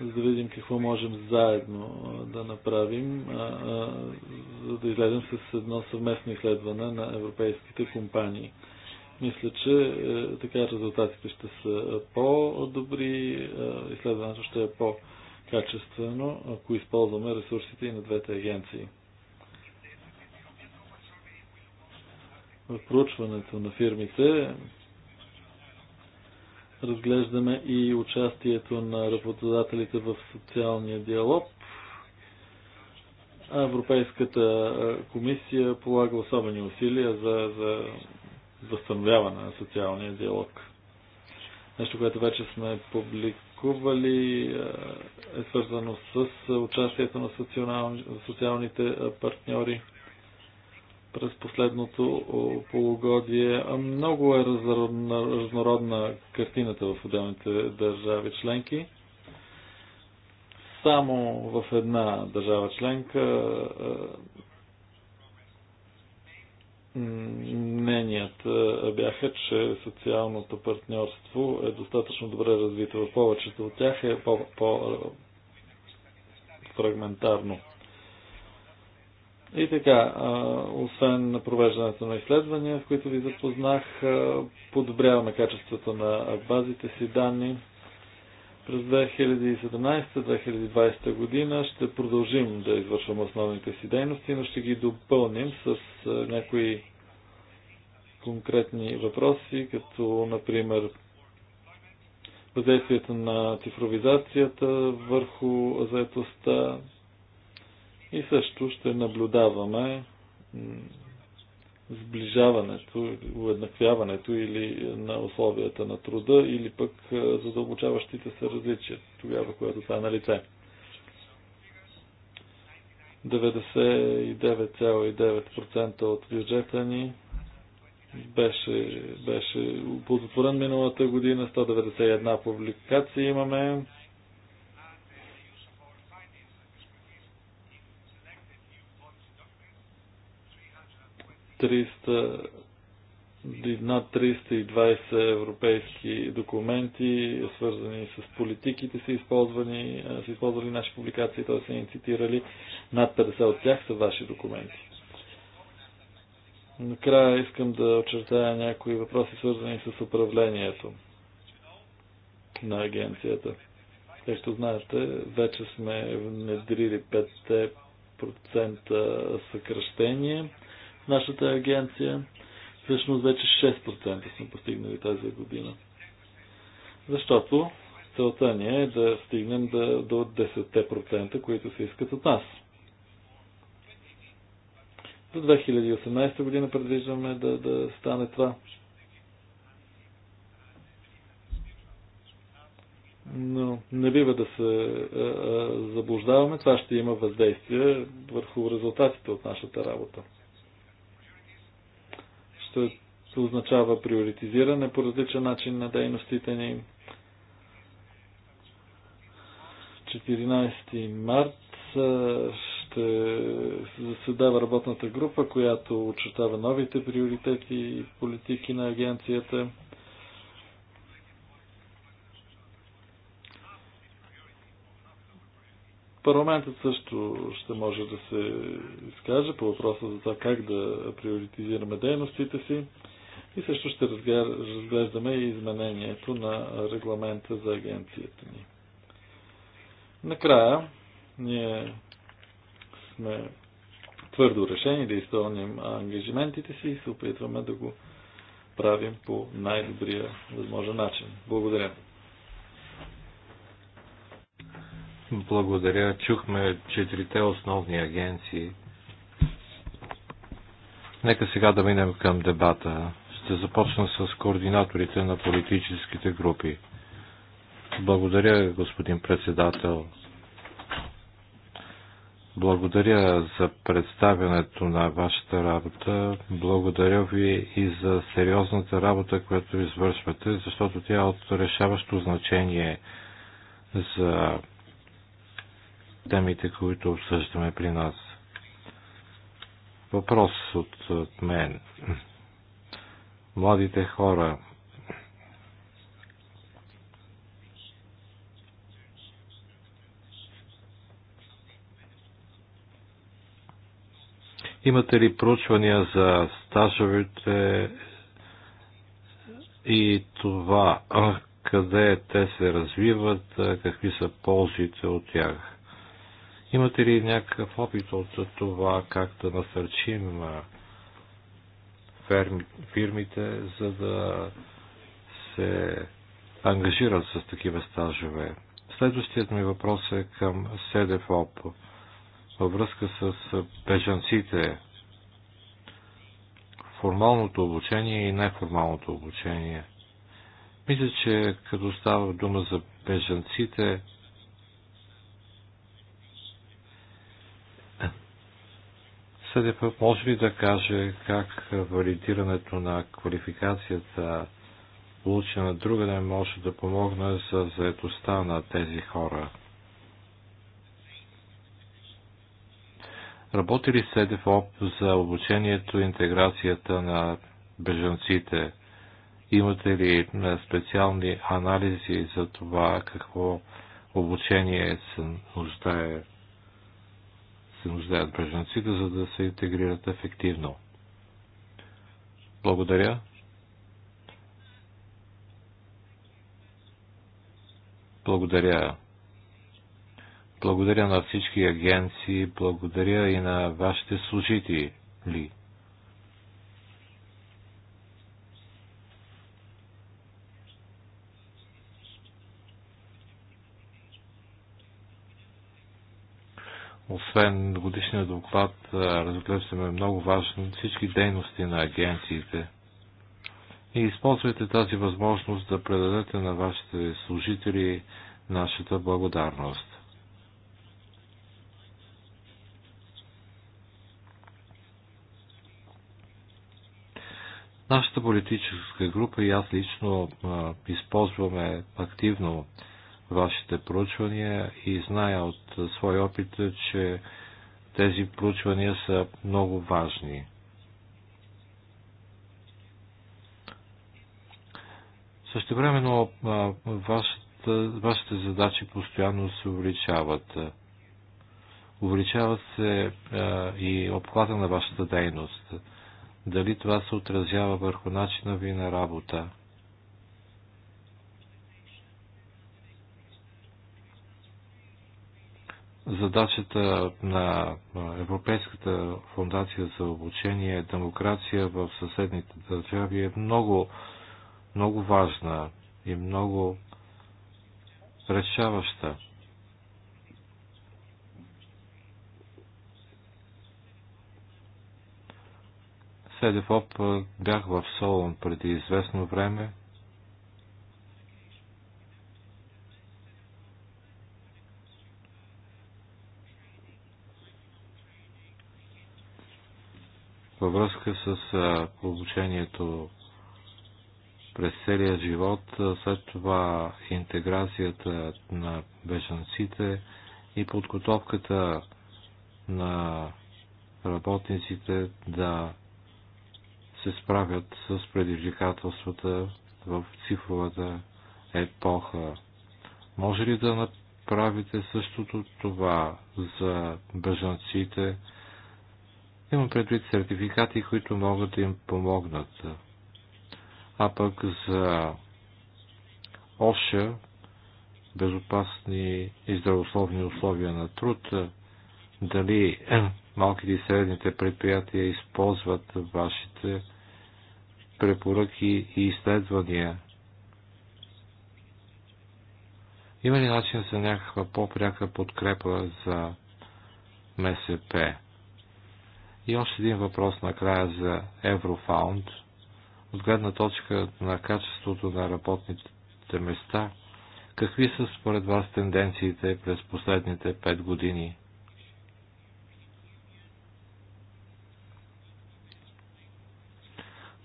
за да видим какво можем заедно да направим, за да излезем с едно съвместно изследване на европейските компании. Мисля, че е, така резултатите ще са по-добри, изследването ще е по-качествено, ако използваме ресурсите и на двете агенции. В проучването на фирмите Разглеждаме и участието на работодателите в социалния диалог. Европейската комисия полага особени усилия за, за възстановяване на социалния диалог. Нещо, което вече сме публикували, е свързано с участието на социалните партньори през последното полугодие. Много е разнородна картината в отделните държави членки. Само в една държава членка мненията бяха, че социалното партньорство е достатъчно добре развито. В повечето от тях е по-фрагментарно. -по и така, освен на провеждането на изследвания, в които ви запознах, подобряваме качеството на базите си данни. През 2017-2020 година ще продължим да извършваме основните си дейности, но ще ги допълним с някои конкретни въпроси, като например въздействието на цифровизацията върху заетостта, и също ще наблюдаваме сближаването, уеднаквяването или на условията на труда, или пък задълбочаващите се различия, тогава, когато това е на лице. 99,9% от бюджета ни беше, беше оползотворен миналата година, 191 публикации имаме, 300 над 320 европейски документи, свързани с политиките, са, използвани, са използвали наши публикации, т.е. са ни цитирали. Над 50 от тях са ваши документи. Накрая искам да очертая някои въпроси, свързани с управлението на агенцията. Както знаете, вече сме внедрили 5% съкръщение нашата агенция. Всъщност вече 6% сме постигнали тази година. Защото целта ни е да стигнем да, до 10%, които се искат от нас. До 2018 година предвиждаме да, да стане това. но не бива да се а, а, заблуждаваме. Това ще има въздействие върху резултатите от нашата работа означава приоритизиране по различен начин на дейностите ни. 14 март ще заседава работната група, която очертава новите приоритети и политики на агенцията. Парламентът също ще може да се изкаже по въпроса за това как да приоритизираме дейностите си и също ще разглеждаме и изменението на регламента за агенцията ни. Накрая, ние сме твърдо решени да изпълним ангажиментите си и се опитваме да го правим по най-добрия възможен начин. Благодаря. Благодаря. Чухме четирите основни агенции. Нека сега да минем към дебата. Ще започна с координаторите на политическите групи. Благодаря, господин председател. Благодаря за представянето на вашата работа. Благодаря ви и за сериозната работа, която извършвате, защото тя е от решаващо значение за темите, които обсъждаме при нас. Въпрос от, от мен. Младите хора Имате ли проучвания за стажовете и това къде те се развиват, какви са ползите от тях? Имате ли някакъв опит от това как да насърчим фирмите, за да се ангажират с такива стажове? Следващият ми въпрос е към СДФОП във връзка с бежанците, формалното обучение и неформалното обучение. Мисля, че като става дума за бежанците, Съдеп, може ли да каже как валидирането на квалификацията, получена друга не може да помогне за заедостта на тези хора? Работи ли СДФОП за обучението и интеграцията на бежанците? Имате ли специални анализи за това какво обучение се нуждае се нуждаят бежанците, за да се интегрират ефективно. Благодаря. Благодаря. Благодаря на всички агенции, благодаря и на вашите служители. Освен годишния доклад, разглеждаме много важно всички дейности на агенциите. И използвайте тази възможност да предадете на вашите служители нашата благодарност. Нашата политическа група и аз лично използваме активно вашите проучвания и зная от своя опит, че тези проучвания са много важни. Също времено вашите задачи постоянно се увеличават. Увеличават се и обхвата на вашата дейност. Дали това се отразява върху начина ви на работа? Задачата на Европейската фундация за обучение и демокрация в съседните държави е много, много важна и много решаваща. Седефоп бях в Солон преди известно време във връзка с обучението през целия живот, след това интеграцията на бежанците и подготовката на работниците да се справят с предизвикателствата в цифровата епоха. Може ли да направите същото това за бежанците, Имам предвид сертификати, които могат да им помогнат. А пък за ОША, безопасни и здравословни условия на труд, дали малките и средните предприятия използват вашите препоръки и изследвания. Има ли начин за някаква по-пряка подкрепа за МСП? И още един въпрос накрая за Еврофаунд. От гледна точка на качеството на работните места, какви са според вас тенденциите през последните 5 години?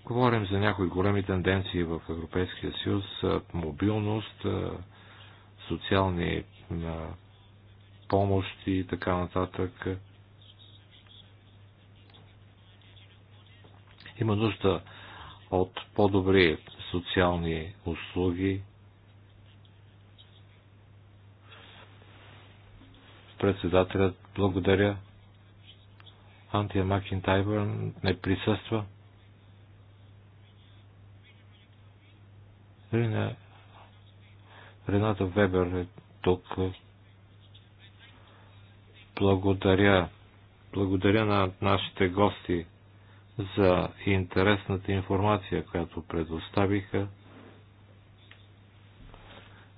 Говорим за някои големи тенденции в Европейския съюз, мобилност, социални помощи и така нататък. Има нужда от по-добри социални услуги. Председателят благодаря. Антия Макинтайбър не присъства. Рина, Рената Вебер е тук. Благодаря. Благодаря на нашите гости за интересната информация, която предоставиха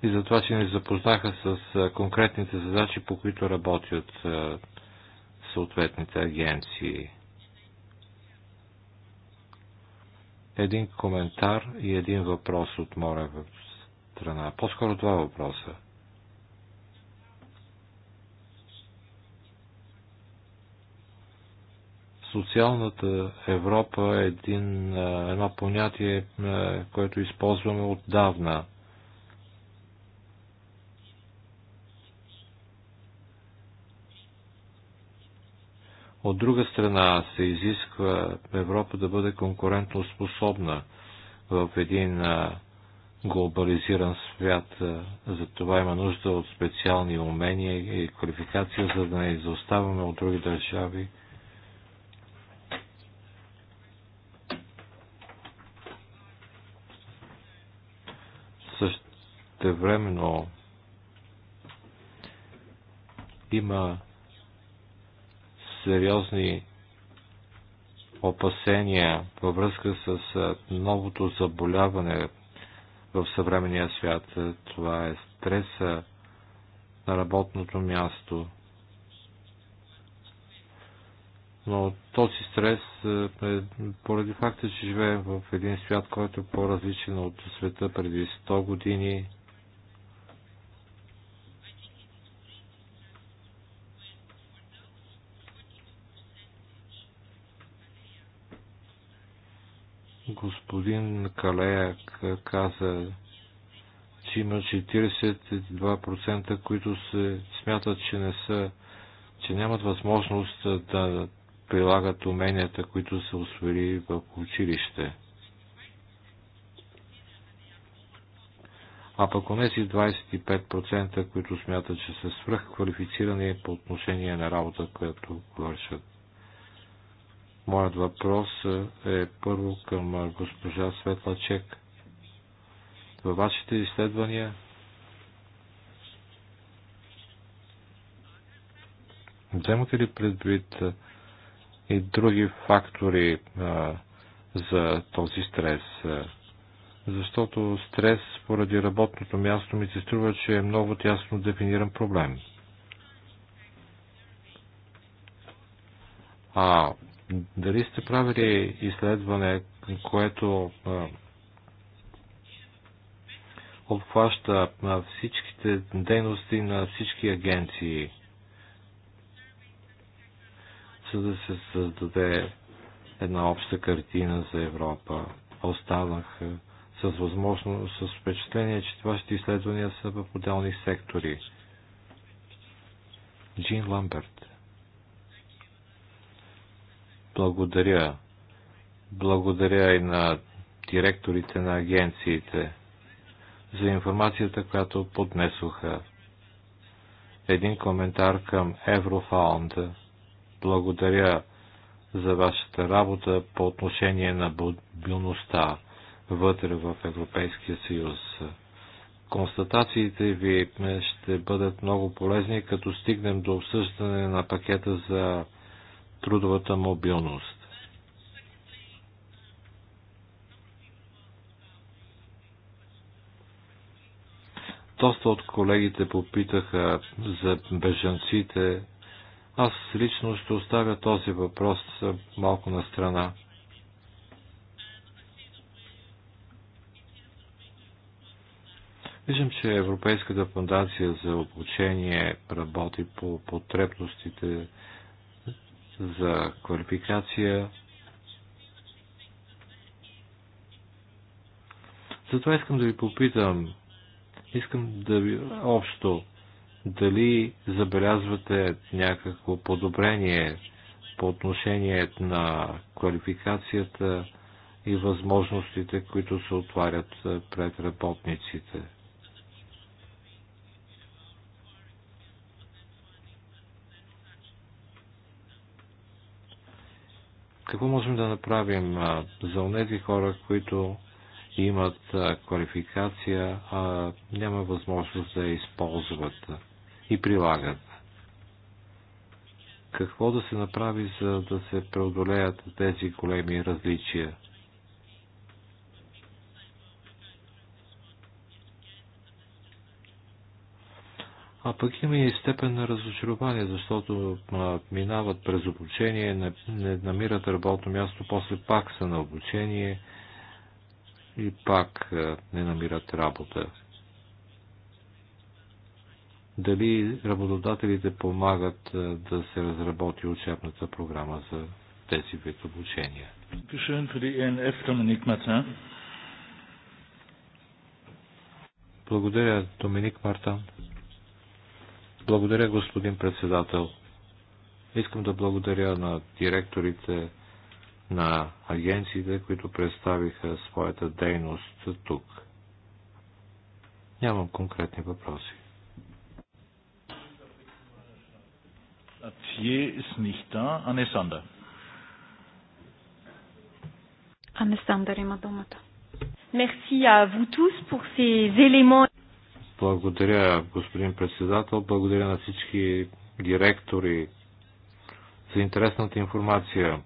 и за това, че ни запознаха с конкретните задачи, по които работят съответните агенции. Един коментар и един въпрос от моя страна. По-скоро два въпроса. социалната Европа е един, е, едно понятие, е, което използваме отдавна. От друга страна се изисква Европа да бъде конкурентно способна в един е, глобализиран свят. За това има нужда от специални умения и квалификация, за да не изоставаме от други държави – същевременно има сериозни опасения във връзка с новото заболяване в съвременния свят. Това е стреса на работното място. Но този стрес е поради факта, че живеем в един свят, който е по-различен от света преди 100 години, Господин Калеяк каза, че има 42%, които се смятат, че не са, че нямат възможност да прилагат уменията, които са освоили в училище. А пък онези 25%, които смятат, че са свръхквалифицирани по отношение на работа, която вършат. Моят въпрос е първо към госпожа Светла Чек. Във вашите изследвания вземате ли предвид и други фактори а, за този стрес? Защото стрес поради работното място ми се струва, че е много тясно дефиниран проблем. А дали сте правили изследване, което обхваща всичките дейности на всички агенции, за да се създаде една обща картина за Европа. Останах с възможно, с впечатление, че това ще изследвания са в отделни сектори. Джин Ламберт. Благодаря. Благодаря и на директорите на агенциите за информацията, която поднесоха. Един коментар към Еврофаунд. Благодаря за вашата работа по отношение на мобилността вътре в Европейския съюз. Констатациите ви ще бъдат много полезни, като стигнем до обсъждане на пакета за трудовата мобилност. Доста от колегите попитаха за бежанците. Аз лично ще оставя този въпрос малко на страна. Виждам, че Европейската фундация за обучение работи по потребностите за квалификация. Затова искам да ви попитам, искам да ви общо, дали забелязвате някакво подобрение по отношение на квалификацията и възможностите, които се отварят пред работниците. Какво можем да направим за тези хора, които имат квалификация, а няма възможност да я използват и прилагат? Какво да се направи, за да се преодолеят тези големи различия? а пък има и степен на разочарование, защото минават през обучение, не, не намират работно място, после пак са на обучение и пак не намират работа. Дали работодателите помагат да се разработи учебната програма за тези вид обучения? Благодаря, Доминик Мартан. Благодаря, господин председател. Искам да благодаря на директорите на агенциите, които представиха своята дейност тук. Нямам конкретни въпроси. Анесандър има думата. Мерси а vous tous pour ces благодаря, господин председател. Благодаря на всички директори за интересната информация.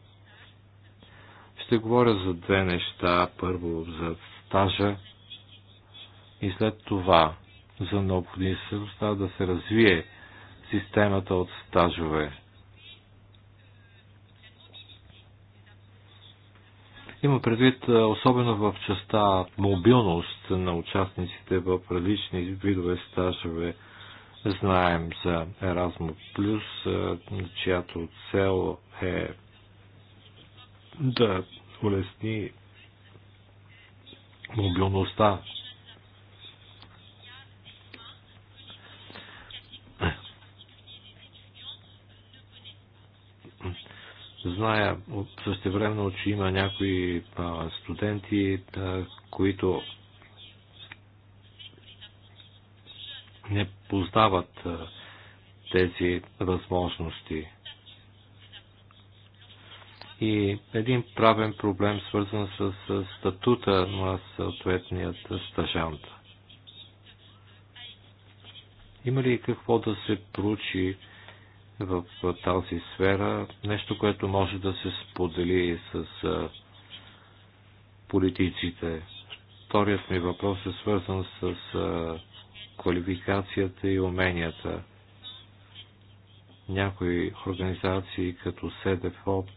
Ще говоря за две неща. Първо за стажа и след това за необходимостта да се развие системата от стажове. Има предвид особено в частта мобилност на участниците в различни видове стажове. Знаем за Erasmus+, чиято цел е да улесни мобилността Зная от същевременно, че има някои студенти, които не познават тези възможности. И един правен проблем, свързан с статута на съответният стажант. Има ли какво да се проучи в тази сфера, нещо, което може да се сподели с политиците. Вторият ми въпрос е свързан с квалификацията и уменията. Някои организации като СДФОП,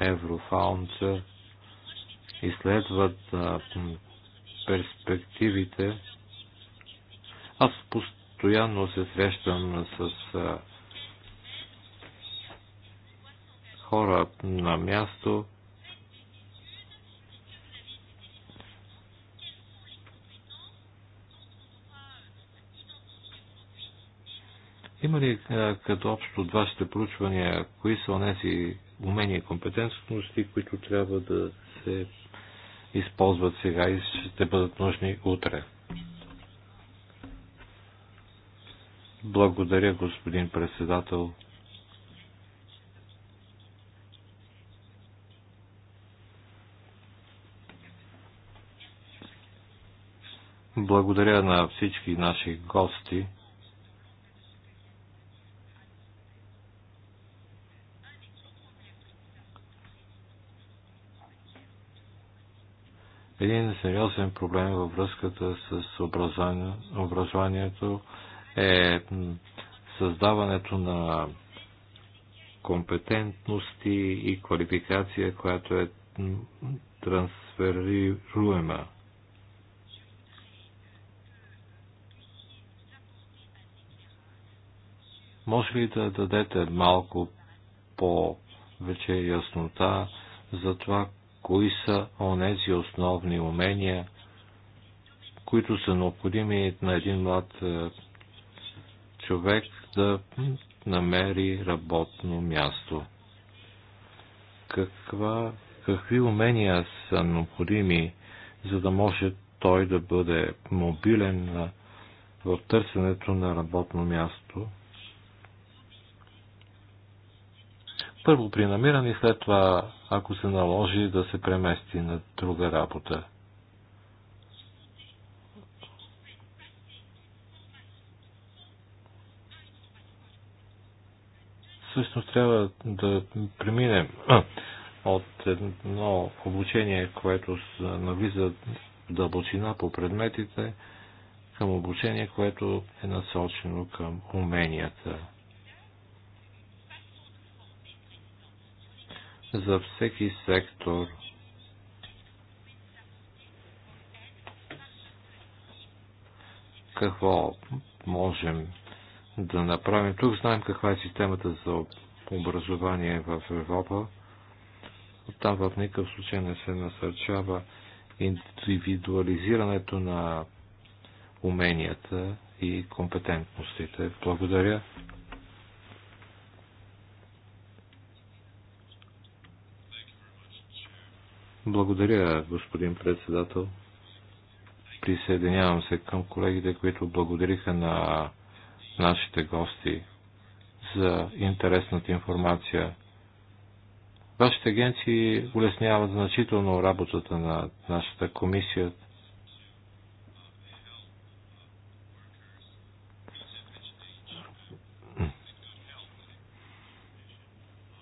Еврофаунд изследват перспективите. Аз постоянно се срещам с хора на място. Има ли като общо от вашите проучвания, кои са онези умения и компетентности, които трябва да се използват сега и ще бъдат нужни утре? Благодаря, господин председател. Благодаря на всички наши гости. Един сериозен проблем във връзката с образованието е създаването на компетентности и квалификация, която е трансферируема. Може ли да дадете малко по-вече яснота за това, кои са онези основни умения, които са необходими на един млад е, човек да намери работно място. Каква, какви умения са необходими, за да може той да бъде мобилен е, в търсенето на работно място? първо при намиране и след това, ако се наложи, да се премести на друга работа. Всъщност трябва да преминем от едно обучение, което навлиза дълбочина по предметите, към обучение, което е насочено към уменията. за всеки сектор. Какво можем да направим? Тук знаем каква е системата за образование в Европа. Там в никакъв случай не се насърчава индивидуализирането на уменията и компетентностите. Благодаря. Благодаря, господин председател. Присъединявам се към колегите, които благодариха на нашите гости за интересната информация. Вашите агенции улесняват значително работата на нашата комисия.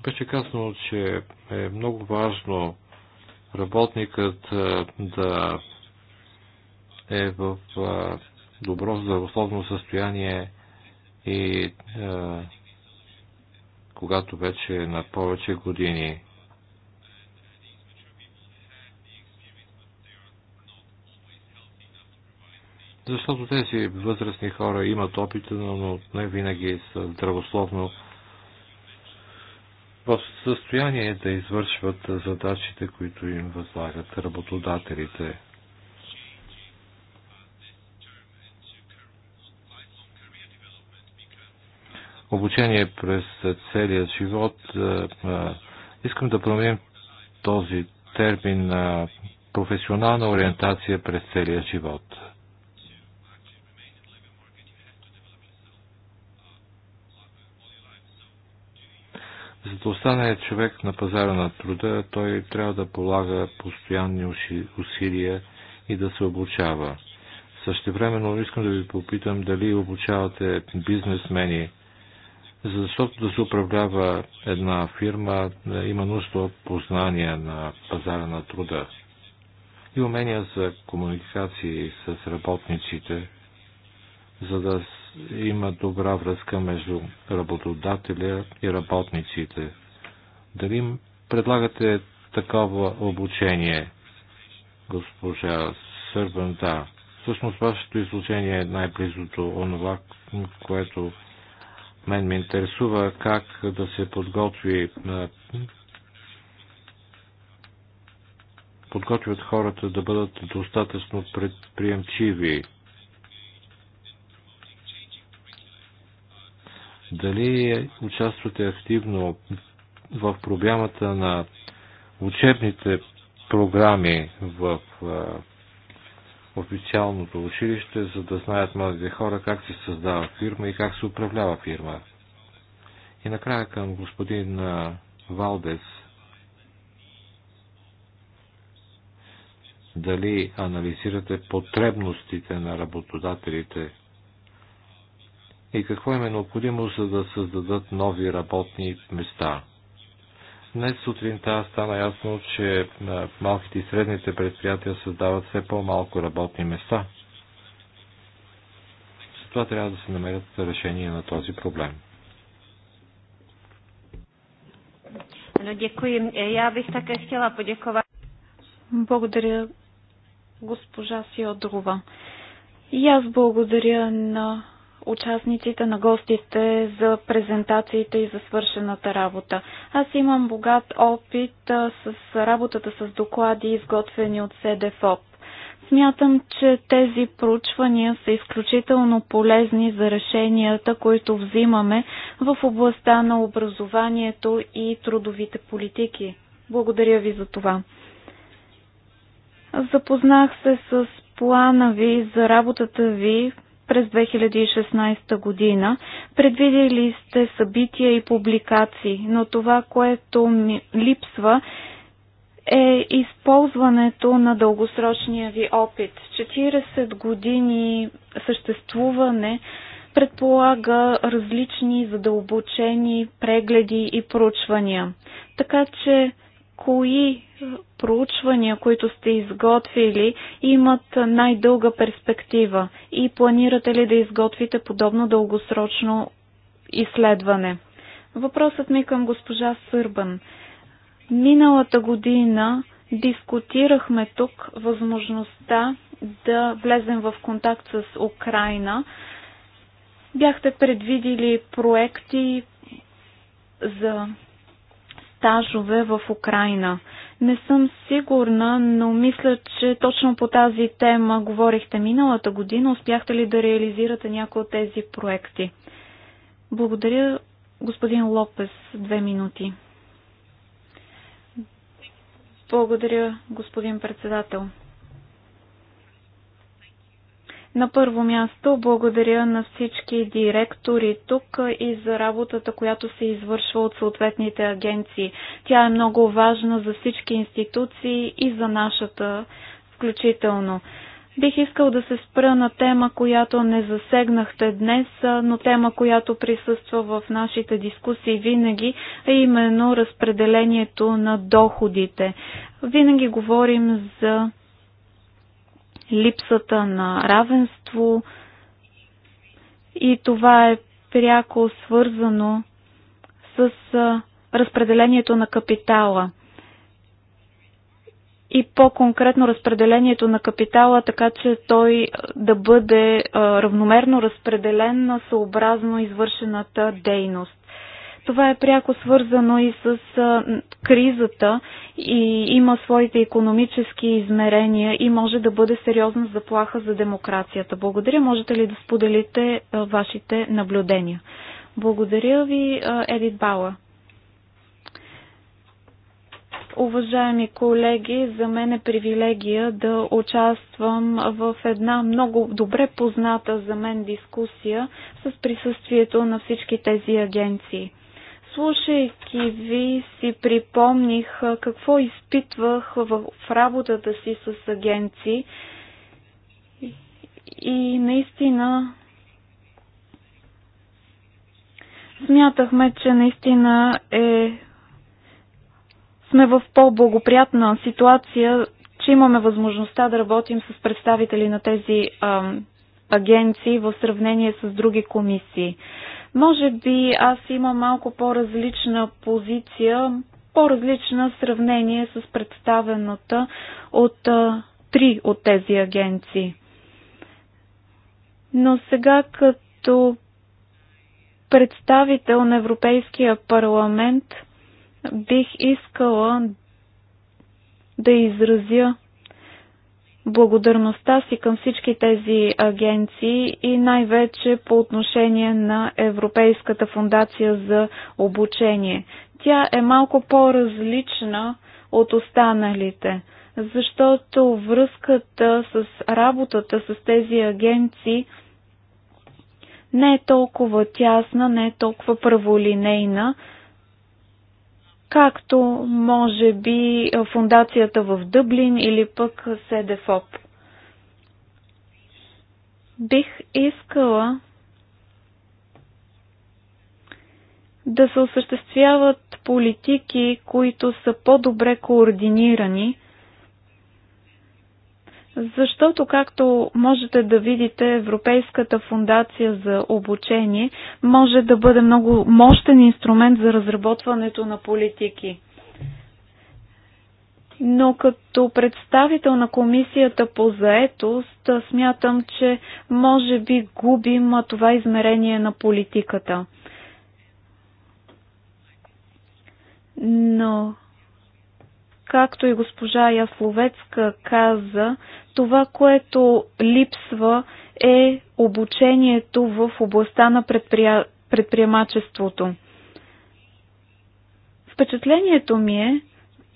Беше казано, че е много важно работникът е, да е в е, добро здравословно състояние и е, когато вече е на повече години. Защото тези възрастни хора имат опита, но не винаги са здравословно в състояние да извършват задачите, които им възлагат работодателите. Обучение през целия живот. Е, е, искам да променим този термин на професионална ориентация през целия живот. За да остане човек на пазара на труда, той трябва да полага постоянни усилия и да се обучава. Същевременно искам да ви попитам дали обучавате бизнесмени, защото да се управлява една фирма е, има нужда от познания на пазара на труда и умения за комуникации с работниците, за да има добра връзка между работодателя и работниците. Дали предлагате такова обучение, госпожа Сърбан? Да. Всъщност вашето изложение е най-близо до онова, което мен ме интересува как да се подготви подготвят хората да бъдат достатъчно предприемчиви Дали участвате активно в програмата на учебните програми в официалното училище, за да знаят младите хора как се създава фирма и как се управлява фирма. И накрая към господин Валдес. Дали анализирате потребностите на работодателите и какво им е необходимо, за да създадат нови работни места. Днес сутринта стана ясно, че малките и средните предприятия създават все по-малко работни места. това трябва да се намерят решение на този проблем. Благодаря, госпожа Сиодрова. И аз благодаря на участниците, на гостите за презентациите и за свършената работа. Аз имам богат опит с работата с доклади, изготвени от СДФОП. Смятам, че тези проучвания са изключително полезни за решенията, които взимаме в областта на образованието и трудовите политики. Благодаря ви за това. Запознах се с плана ви за работата ви през 2016 година. Предвидели сте събития и публикации, но това, което ми липсва, е използването на дългосрочния ви опит. 40 години съществуване предполага различни задълбочени прегледи и проучвания. Така че кои проучвания, които сте изготвили, имат най-дълга перспектива и планирате ли да изготвите подобно дългосрочно изследване? Въпросът ми е към госпожа Сърбан. Миналата година дискутирахме тук възможността да влезем в контакт с Украина. Бяхте предвидили проекти за стажове в Украина. Не съм сигурна, но мисля, че точно по тази тема говорихте миналата година. Успяхте ли да реализирате някои от тези проекти? Благодаря, господин Лопес, две минути. Благодаря, господин председател. На първо място благодаря на всички директори тук и за работата, която се извършва от съответните агенции. Тя е много важна за всички институции и за нашата включително. Бих искал да се спра на тема, която не засегнахте днес, но тема, която присъства в нашите дискусии винаги, е именно разпределението на доходите. Винаги говорим за липсата на равенство и това е пряко свързано с разпределението на капитала и по-конкретно разпределението на капитала, така че той да бъде равномерно разпределен на съобразно извършената дейност. Това е пряко свързано и с кризата и има своите економически измерения и може да бъде сериозна заплаха за демокрацията. Благодаря. Можете ли да споделите вашите наблюдения? Благодаря ви, Едит Бала. Уважаеми колеги, за мен е привилегия да участвам в една много добре позната за мен дискусия с присъствието на всички тези агенции. Слушайки ви, си припомних какво изпитвах в работата си с агенции и наистина смятахме, че наистина е сме в по-благоприятна ситуация, че имаме възможността да работим с представители на тези агенции в сравнение с други комисии. Може би аз имам малко по-различна позиция, по-различна в сравнение с представената от а, три от тези агенции. Но сега като представител на Европейския парламент бих искала да изразя благодарността си към всички тези агенции и най-вече по отношение на Европейската фундация за обучение. Тя е малко по-различна от останалите, защото връзката с работата с тези агенции не е толкова тясна, не е толкова праволинейна, както може би фундацията в Дъблин или пък СДФОП. Бих искала да се осъществяват политики, които са по-добре координирани защото, както можете да видите, Европейската фундация за обучение може да бъде много мощен инструмент за разработването на политики. Но като представител на комисията по заетост, смятам, че може би губим това измерение на политиката. Но Както и госпожа Ясловецка каза, това, което липсва е обучението в областта на предприя... предприемачеството. Впечатлението ми е,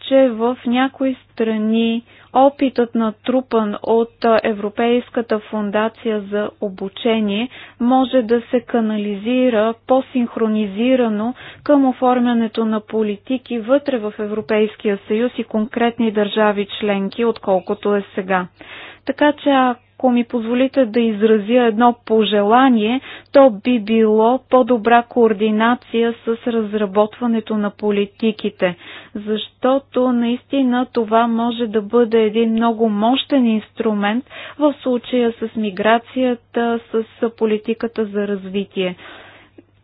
че в някои страни Опитът на трупан от Европейската фундация за обучение може да се канализира по-синхронизирано към оформянето на политики вътре в Европейския съюз и конкретни държави членки, отколкото е сега. Така че ако ако ми позволите да изразя едно пожелание, то би било по-добра координация с разработването на политиките, защото наистина това може да бъде един много мощен инструмент в случая с миграцията, с политиката за развитие.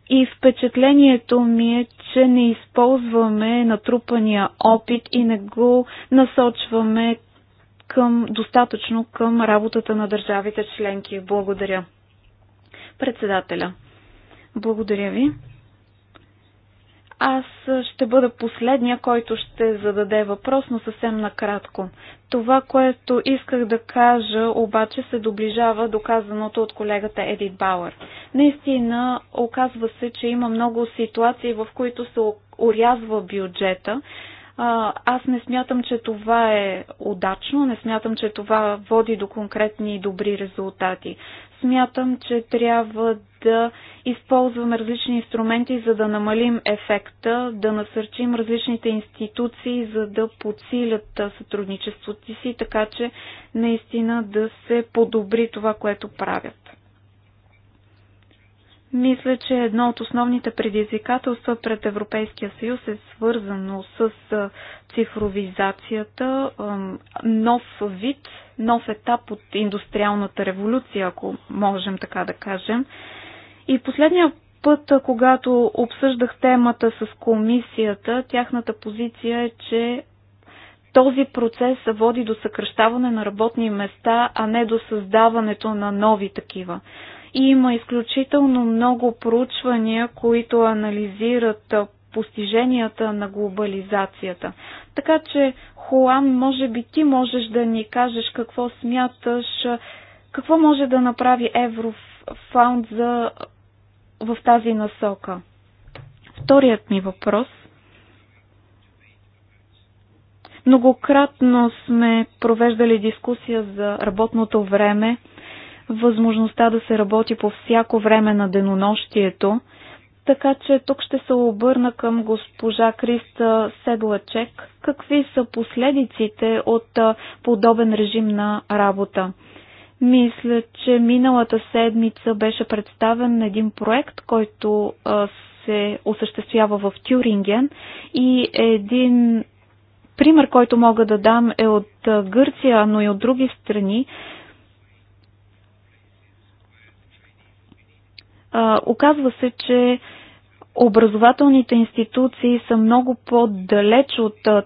И впечатлението ми е, че не използваме натрупания опит и не го насочваме към, достатъчно към работата на държавите членки. Благодаря. Председателя. Благодаря ви. Аз ще бъда последния, който ще зададе въпрос, но съвсем накратко. Това, което исках да кажа, обаче се доближава до казаното от колегата Едит Бауър. Наистина, оказва се, че има много ситуации, в които се урязва бюджета аз не смятам, че това е удачно, не смятам, че това води до конкретни добри резултати. Смятам, че трябва да използваме различни инструменти, за да намалим ефекта, да насърчим различните институции, за да подсилят сътрудничеството си, така че наистина да се подобри това, което правят. Мисля, че едно от основните предизвикателства пред Европейския съюз е свързано с цифровизацията, нов вид, нов етап от индустриалната революция, ако можем така да кажем. И последния път, когато обсъждах темата с комисията, тяхната позиция е, че този процес води до съкръщаване на работни места, а не до създаването на нови такива. Има изключително много проучвания, които анализират постиженията на глобализацията. Така че, Хуан, може би ти можеш да ни кажеш какво смяташ, какво може да направи Еврофаунд за, в тази насока. Вторият ми въпрос. Многократно сме провеждали дискусия за работното време – възможността да се работи по всяко време на денонощието. Така че тук ще се обърна към госпожа Криста Седлачек. Какви са последиците от подобен режим на работа? Мисля, че миналата седмица беше представен един проект, който се осъществява в Тюринген и един пример, който мога да дам е от Гърция, но и от други страни. а, оказва се, че образователните институции са много по-далеч от а,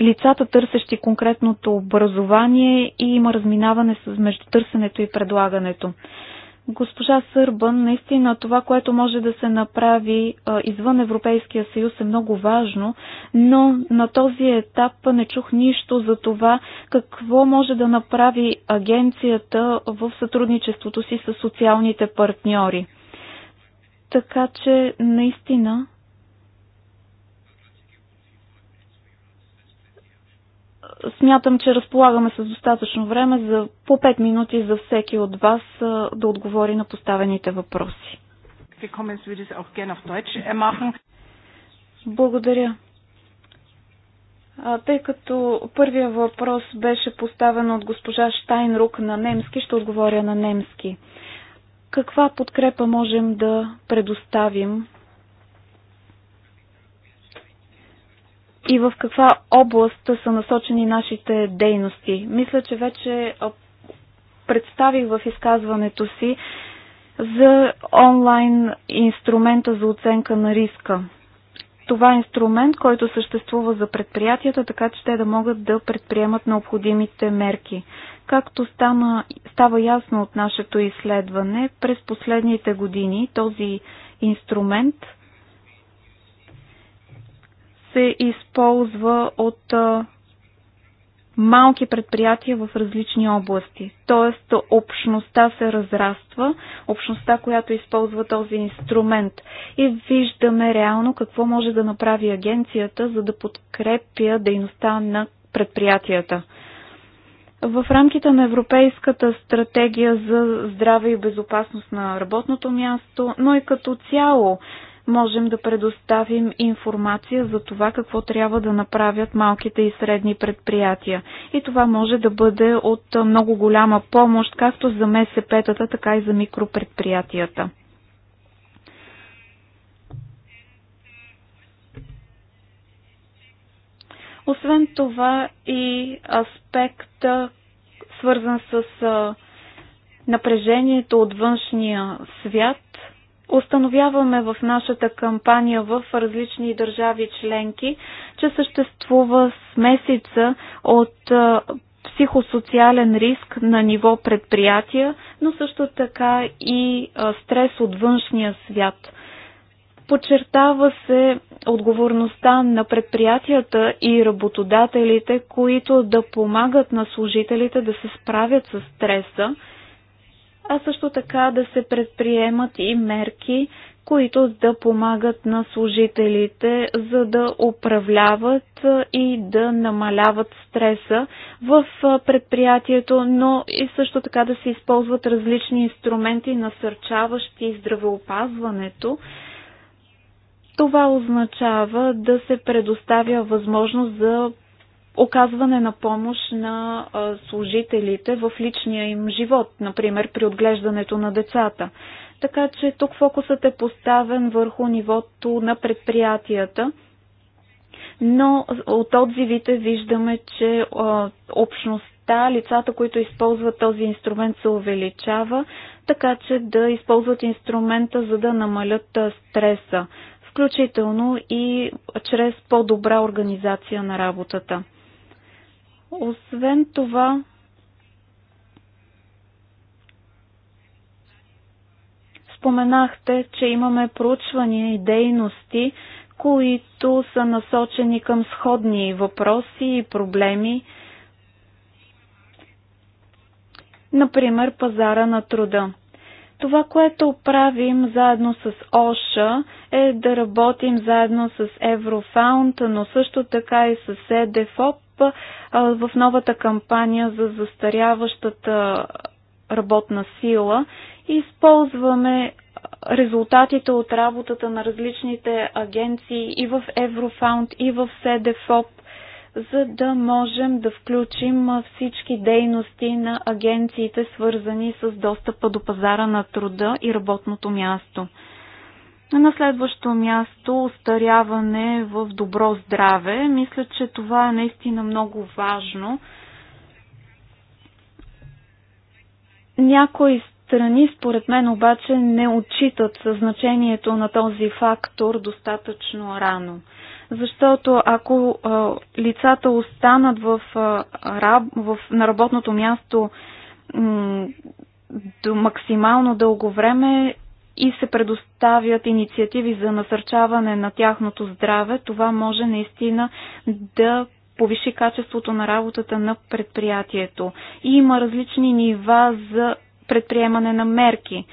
лицата, търсещи конкретното образование и има разминаване с между търсенето и предлагането. Госпожа Сърбън, наистина това, което може да се направи а, извън Европейския съюз е много важно, но на този етап не чух нищо за това какво може да направи агенцията в сътрудничеството си с социалните партньори. Така че наистина Смятам, че разполагаме с достатъчно време за по 5 минути за всеки от вас да отговори на поставените въпроси. Äh, Благодаря. Тъй като първия въпрос беше поставен от госпожа Штайнрук на немски, ще отговоря на немски. Каква подкрепа можем да предоставим и в каква област са насочени нашите дейности. Мисля, че вече представих в изказването си за онлайн инструмента за оценка на риска. Това е инструмент, който съществува за предприятията, така че те да могат да предприемат необходимите мерки. Както стана, става ясно от нашето изследване, през последните години този инструмент – се използва от малки предприятия в различни области. Тоест, общността се разраства, общността, която използва този инструмент. И виждаме реално какво може да направи агенцията, за да подкрепя дейността на предприятията. В рамките на Европейската стратегия за здраве и безопасност на работното място, но и като цяло можем да предоставим информация за това какво трябва да направят малките и средни предприятия. И това може да бъде от много голяма помощ, както за МСП-тата, така и за микропредприятията. Освен това и аспект, свързан с напрежението от външния свят – установяваме в нашата кампания в различни държави членки, че съществува смесица от психосоциален риск на ниво предприятия, но също така и стрес от външния свят. Подчертава се отговорността на предприятията и работодателите, които да помагат на служителите да се справят с стреса, а също така да се предприемат и мерки, които да помагат на служителите, за да управляват и да намаляват стреса в предприятието, но и също така да се използват различни инструменти, насърчаващи здравеопазването. Това означава да се предоставя възможност за оказване на помощ на служителите в личния им живот, например при отглеждането на децата. Така че тук фокусът е поставен върху нивото на предприятията, но от отзивите виждаме, че общността, лицата, които използват този инструмент, се увеличава, така че да използват инструмента, за да намалят стреса включително и чрез по-добра организация на работата. Освен това, споменахте, че имаме проучвания и дейности, които са насочени към сходни въпроси и проблеми, например пазара на труда. Това, което правим заедно с ОША е да работим заедно с Еврофаунд, но също така и с ЕДЕФОП в новата кампания за застаряващата работна сила. Използваме резултатите от работата на различните агенции и в Еврофаунд, и в СДФОП, за да можем да включим всички дейности на агенциите, свързани с достъпа до пазара на труда и работното място. На следващо място устаряване в добро здраве. Мисля, че това е наистина много важно. Някои страни, според мен, обаче не отчитат значението на този фактор достатъчно рано. Защото ако а, лицата останат в, а, раб, в, на работното място до максимално дълго време, и се предоставят инициативи за насърчаване на тяхното здраве, това може наистина да повиши качеството на работата на предприятието. И има различни нива за предприемане на мерки.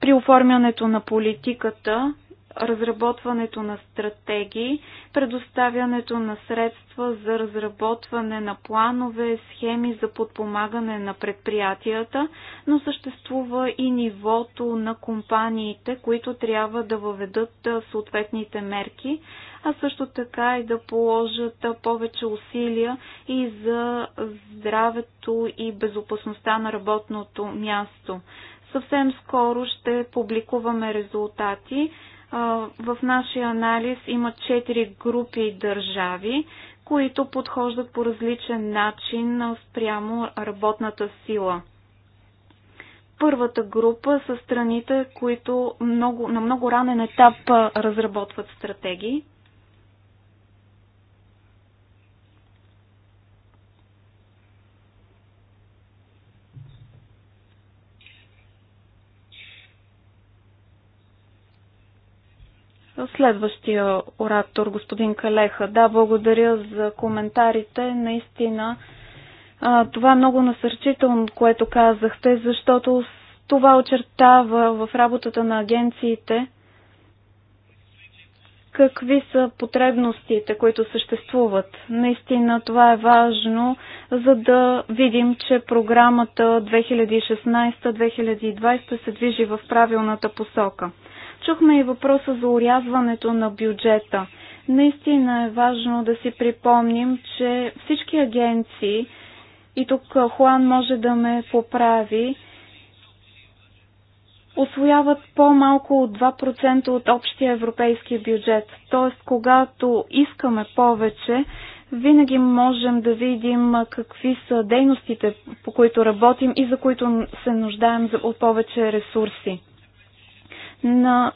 При оформянето на политиката разработването на стратегии, предоставянето на средства за разработване на планове, схеми за подпомагане на предприятията, но съществува и нивото на компаниите, които трябва да въведат съответните мерки, а също така и да положат повече усилия и за здравето и безопасността на работното място. Съвсем скоро ще публикуваме резултати в нашия анализ има четири групи държави, които подхождат по различен начин спрямо работната сила. Първата група са страните, които много, на много ранен етап разработват стратегии. Следващия оратор, господин Калеха. Да, благодаря за коментарите. Наистина, това е много насърчително, което казахте, защото това очертава в работата на агенциите какви са потребностите, които съществуват. Наистина това е важно, за да видим, че програмата 2016-2020 се движи в правилната посока. Чухме и въпроса за урязването на бюджета. Наистина е важно да си припомним, че всички агенции, и тук Хуан може да ме поправи, освояват по-малко от 2% от общия европейски бюджет. Тоест, когато искаме повече, винаги можем да видим какви са дейностите, по които работим и за които се нуждаем от повече ресурси на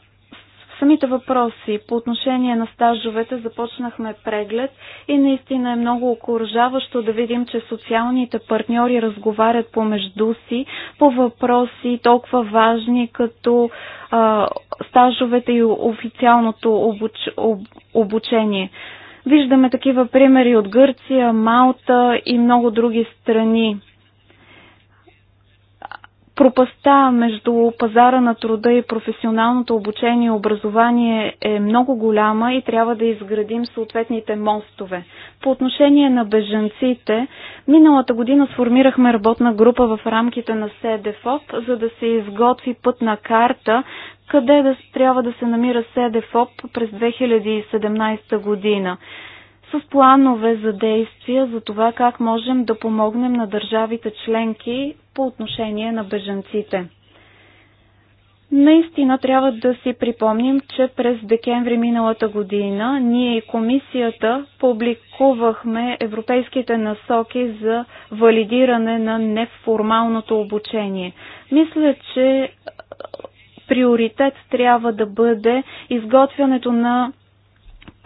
самите въпроси по отношение на стажовете започнахме преглед и наистина е много окоръжаващо да видим, че социалните партньори разговарят помежду си по въпроси толкова важни като а, стажовете и официалното обуч... об... обучение. Виждаме такива примери от Гърция, Малта и много други страни пропаста между пазара на труда и професионалното обучение и образование е много голяма и трябва да изградим съответните мостове. По отношение на бежанците, миналата година сформирахме работна група в рамките на СДФОП, за да се изготви пътна карта, къде да трябва да се намира СДФОП през 2017 година с планове за действия за това как можем да помогнем на държавите членки по отношение на бежанците. Наистина трябва да си припомним, че през декември миналата година ние и комисията публикувахме европейските насоки за валидиране на неформалното обучение. Мисля, че приоритет трябва да бъде изготвянето на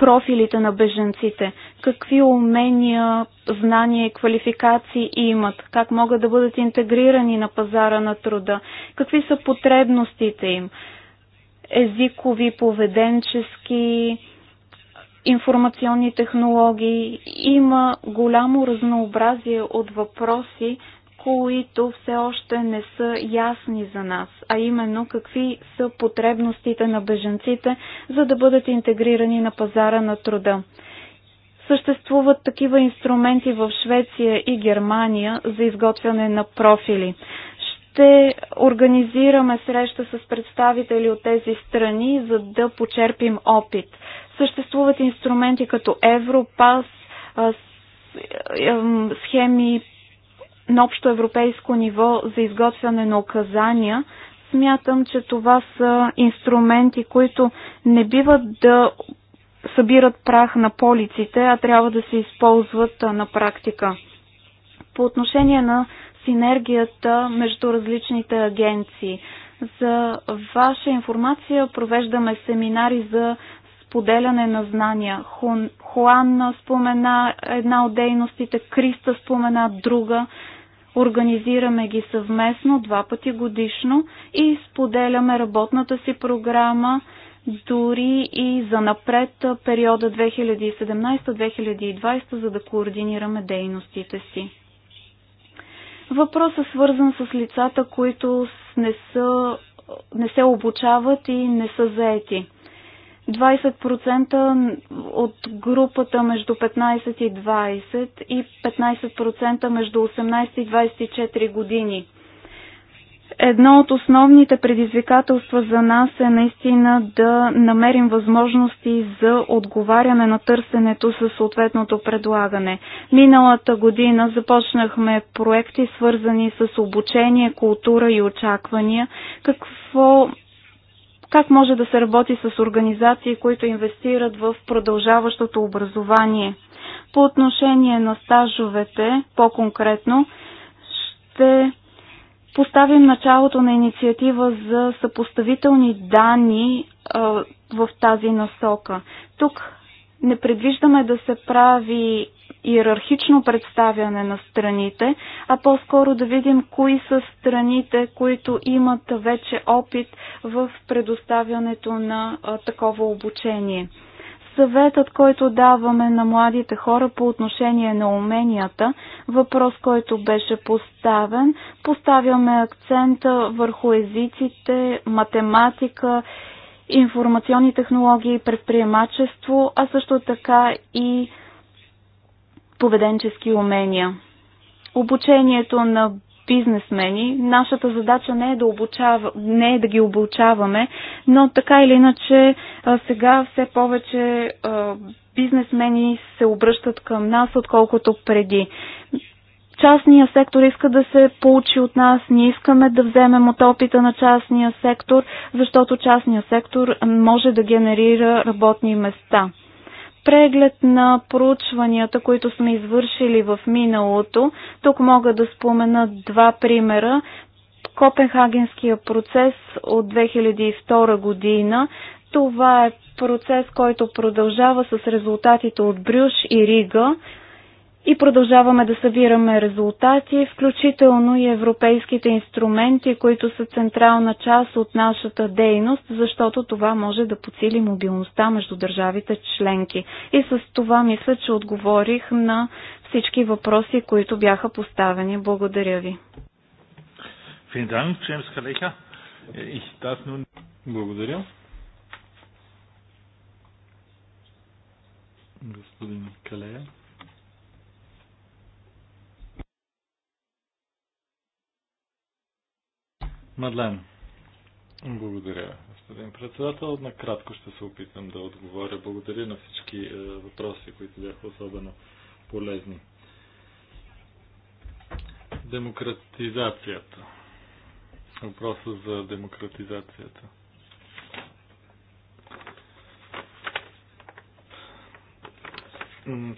профилите на беженците, какви умения, знания и квалификации имат, как могат да бъдат интегрирани на пазара на труда, какви са потребностите им, езикови, поведенчески, информационни технологии. Има голямо разнообразие от въпроси, които все още не са ясни за нас, а именно какви са потребностите на беженците, за да бъдат интегрирани на пазара на труда. Съществуват такива инструменти в Швеция и Германия за изготвяне на профили. Ще организираме среща с представители от тези страни, за да почерпим опит. Съществуват инструменти като Европас, схеми на общо европейско ниво за изготвяне на указания, смятам, че това са инструменти, които не биват да събират прах на полиците, а трябва да се използват на практика. По отношение на синергията между различните агенции. За ваша информация провеждаме семинари за споделяне на знания. Хуан спомена една от дейностите, Криста спомена друга. Организираме ги съвместно два пъти годишно и споделяме работната си програма дори и за напред периода 2017-2020, за да координираме дейностите си. Въпросът е свързан с лицата, които не, са, не се обучават и не са заети. 20% от групата между 15 и 20 и 15% между 18 и 24 години. Едно от основните предизвикателства за нас е наистина да намерим възможности за отговаряне на търсенето със съответното предлагане. Миналата година започнахме проекти свързани с обучение, култура и очаквания. Какво как може да се работи с организации, които инвестират в продължаващото образование? По отношение на стажовете, по-конкретно, ще поставим началото на инициатива за съпоставителни данни в тази насока. Тук не предвиждаме да се прави иерархично представяне на страните, а по-скоро да видим кои са страните, които имат вече опит в предоставянето на такова обучение. Съветът, който даваме на младите хора по отношение на уменията, въпрос, който беше поставен, поставяме акцента върху езиците, математика, информационни технологии, предприемачество, а също така и поведенчески умения. Обучението на бизнесмени. Нашата задача не е да, обучава, не е да ги обучаваме, но така или иначе сега все повече бизнесмени се обръщат към нас, отколкото преди частния сектор иска да се получи от нас, ние искаме да вземем от опита на частния сектор, защото частния сектор може да генерира работни места. Преглед на проучванията, които сме извършили в миналото, тук мога да спомена два примера. Копенхагенския процес от 2002 година. Това е процес, който продължава с резултатите от Брюш и Рига и продължаваме да събираме резултати, включително и европейските инструменти, които са централна част от нашата дейност, защото това може да подсили мобилността между държавите членки. И с това мисля, че отговорих на всички въпроси, които бяха поставени. Благодаря ви. Благодаря. Господин Калея. Мадлен. Благодаря, господин председател. Накратко ще се опитам да отговоря. Благодаря на всички е, въпроси, които бяха особено полезни. Демократизацията. Въпроса за демократизацията.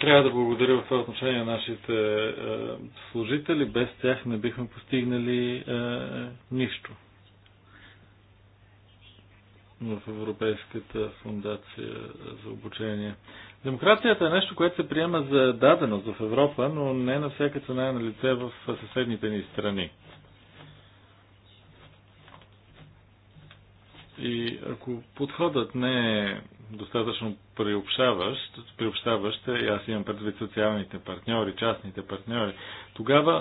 Трябва да благодаря в това отношение на нашите е, служители. Без тях не бихме постигнали е, нищо в Европейската фундация за обучение. Демокрацията е нещо, което се приема за даденост в Европа, но не на всяка цена е на лице в съседните ни страни. И ако подходът не е достатъчно приобщаващ, приобщаващ е, и аз имам предвид социалните партньори, частните партньори, тогава,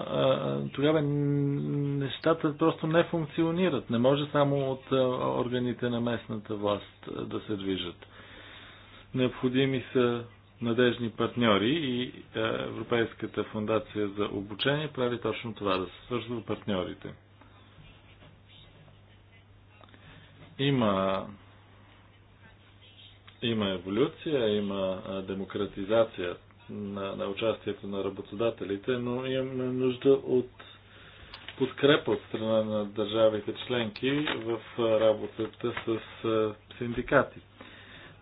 тогава нещата просто не функционират. Не може само от органите на местната власт да се движат. Необходими са надежни партньори и Европейската фундация за обучение прави точно това, да се свързва партньорите. Има има еволюция, има демократизация на, на участието на работодателите, но имаме нужда от подкрепа от страна на държавите членки в работата с синдикати.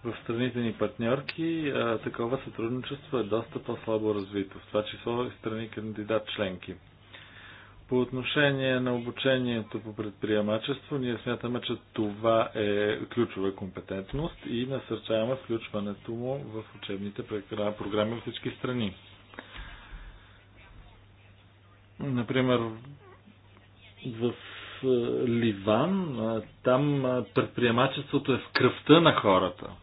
В страните ни партньорки такова сътрудничество е доста по-слабо развито, в това число и страни кандидат членки. По отношение на обучението по предприемачество, ние смятаме, че това е ключова компетентност и насърчаваме включването му в учебните програми във всички страни. Например, в е, Ливан, е, там е, предприемачеството е в кръвта на хората –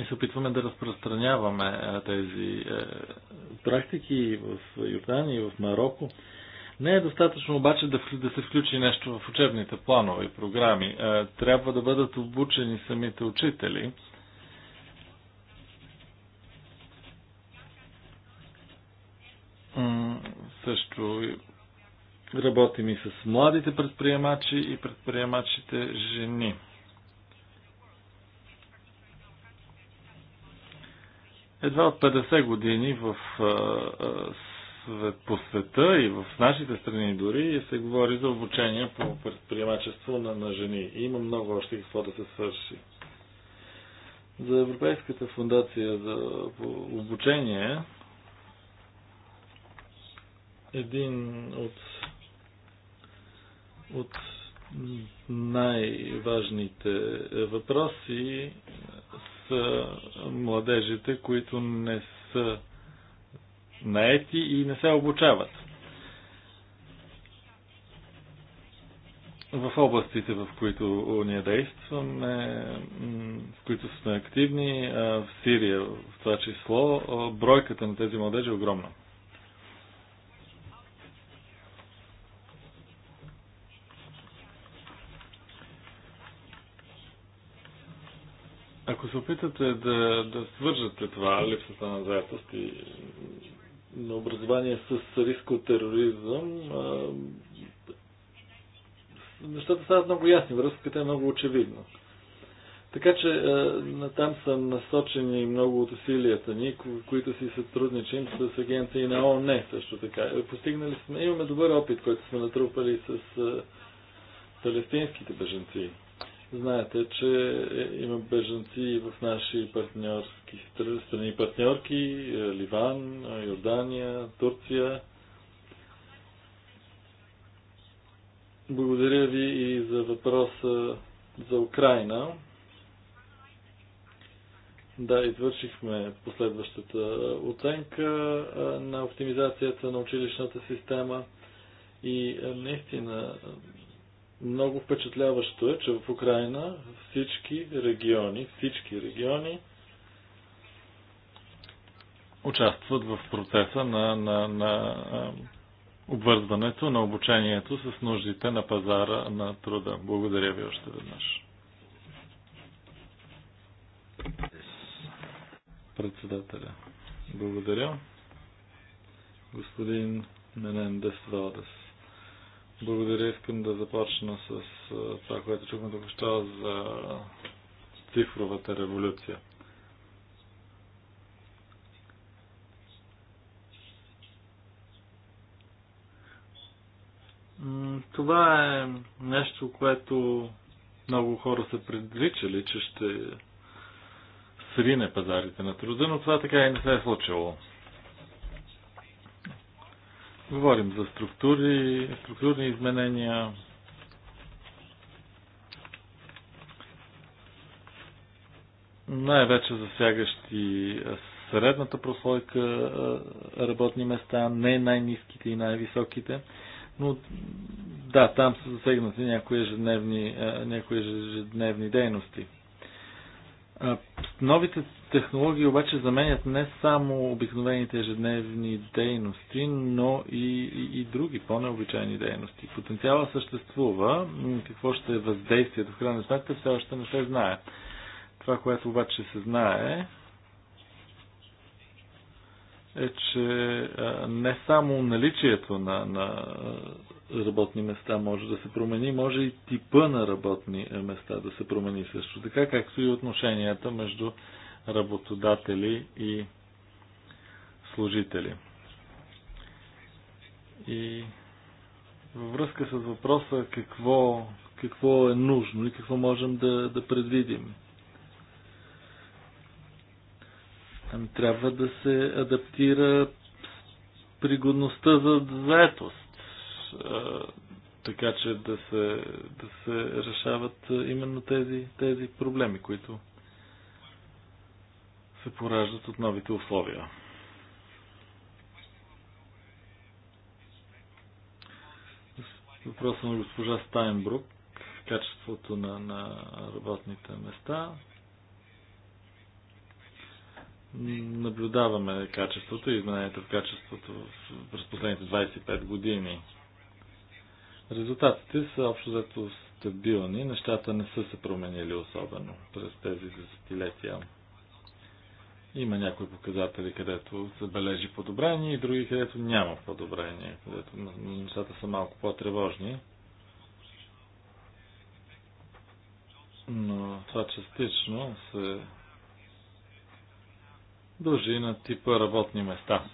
и се опитваме да разпространяваме е, тези е, практики в Йордания и в Марокко. Не е достатъчно обаче да, да се включи нещо в учебните планове и програми. Е, трябва да бъдат обучени самите учители. Също работим и с младите предприемачи и предприемачите жени. Едва от 50 години в, по света и в нашите страни дори се говори за обучение по предприемачество на, на жени. И има много още какво да се свърши. За Европейската фундация за обучение един от, от най-важните въпроси младежите, които не са наети и не се обучават. В областите, в които ние действаме, в които сме активни, в Сирия в това число, бройката на тези младежи е огромна. Ако се опитате да, да свържете това, липсата на заетост и на образование с риск от тероризъм, а, нещата стават много ясни, връзката е много очевидна. Така че а, там са насочени много от усилията ни, които си сътрудничим с агенции на ООН също така. Е, постигнали сме, имаме добър опит, който сме натрупали с а, палестинските беженци. Знаете, че има беженци и в наши партньорски страни партньорки, е, Ливан, е, Йордания, Турция. Благодаря ви и за въпроса за Украина. Да, извършихме последващата оценка е, на оптимизацията на училищната система и наистина много впечатляващо е, че в Украина всички региони, всички региони участват в процеса на, на, на обвързването на обучението с нуждите на пазара на труда. Благодаря ви още веднъж. Председателя. Благодаря. Господин Менендес Валдес. Благодаря. Искам да започна с това, което чухме тук що за цифровата революция. Това е нещо, което много хора са предричали, че ще срине пазарите на труда, но това така и не се е случило. Говорим за структури, структурни изменения, най-вече засягащи средната прослойка работни места, не най-низките и най-високите, но да, там са засегнати някои ежедневни, някои ежедневни дейности. Новите технологии обаче заменят не само обикновените ежедневни дейности, но и, и, и други по-необичайни дейности. Потенциала съществува, какво ще е въздействието в крайна сметка все още не се знае. Това, което обаче се знае, е, че не само наличието на, на работни места може да се промени, може и типа на работни места да се промени също, така както и отношенията между работодатели и служители. И във връзка с въпроса какво, какво е нужно и какво можем да, да предвидим. Ами трябва да се адаптира пригодността за заетост, така че да се, да се решават именно тези, тези проблеми, които се пораждат от новите условия. Въпросът на госпожа Стайнбрук, качеството на, на работните места. Наблюдаваме качеството и изменението в качеството през последните 25 години. Резултатите са общо взето стабилни, нещата не са се променили особено през тези десетилетия. Има някои показатели, където се бележи подобрение и други, където няма подобрение, където нещата са малко по-тревожни. Но това частично се дължи на типа работни места.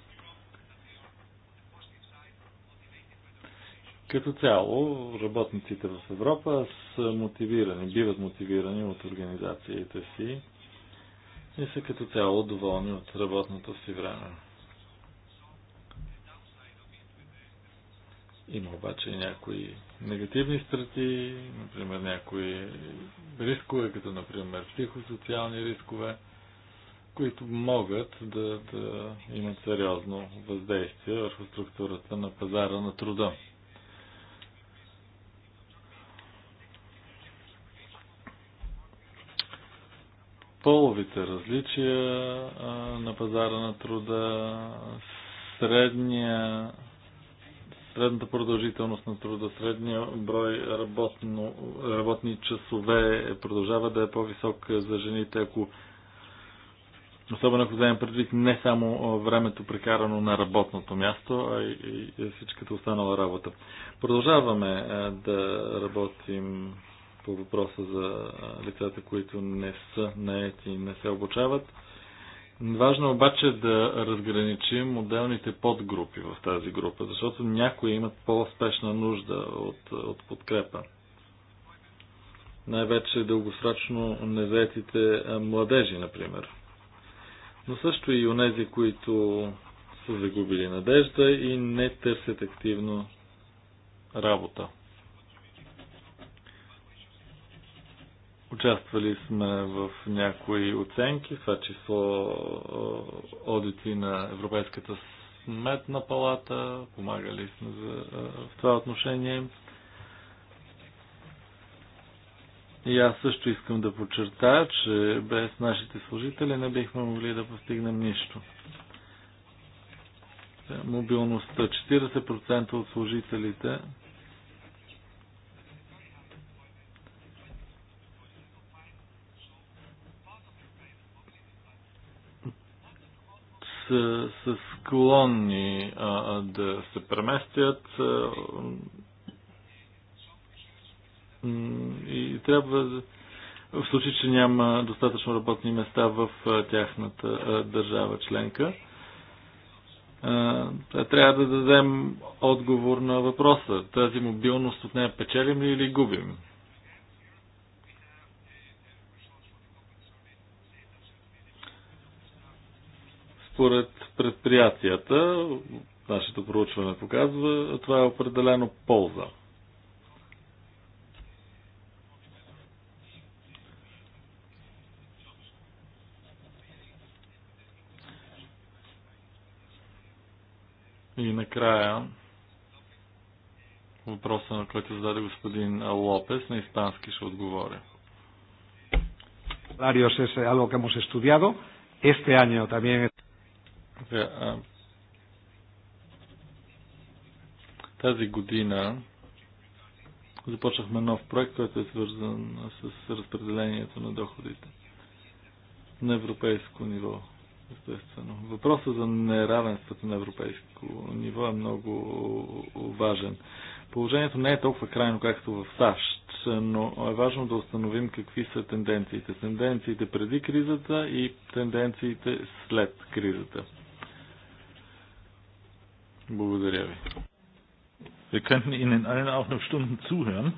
Като цяло, работниците в Европа са мотивирани, биват мотивирани от организациите си и са като цяло доволни от работното си време. Има обаче и някои негативни страти, например някои рискове, като например психосоциални рискове, които могат да, да имат сериозно въздействие върху структурата на пазара на труда. половите различия на пазара на труда, средния, средната продължителност на труда, средния брой работно, работни часове продължава да е по-висок за жените, ако Особено ако вземем предвид не само времето прекарано на работното място, а и, и, и всичката останала работа. Продължаваме да работим по въпроса за лицата, които не са наети и не се обучават. Важно е обаче да разграничим отделните подгрупи в тази група, защото някои имат по-спешна нужда от, от подкрепа. Най-вече дългосрочно незаетите младежи, например. Но също и онези, които са загубили надежда и не търсят активно работа. Участвали сме в някои оценки, това число одити на Европейската сметна палата, помагали сме за, в това отношение. И аз също искам да подчертая, че без нашите служители не бихме могли да постигнем нищо. Мобилността 40% от служителите са, са склонни а, да се преместят а, и трябва в случай, че няма достатъчно работни места в тяхната а, държава членка. Трябва да дадем отговор на въпроса. Тази мобилност от нея печелим ли или губим? според предприятията, нашето проучване показва, това е определено полза. И накрая въпроса, на който зададе господин Лопес, на испански ще отговоря. Salarios е algo que hemos estudiado. Este año también е, тази година започнахме нов проект, който е свързан с разпределението на доходите на европейско ниво, естествено. Въпросът за неравенството на европейско ниво е много важен. Положението не е толкова крайно, както в САЩ, но е важно да установим какви са тенденциите. Тенденциите преди кризата и тенденциите след кризата. Благодаря ви. Wir könnten Ihnen allen auch noch Stunden zuhören.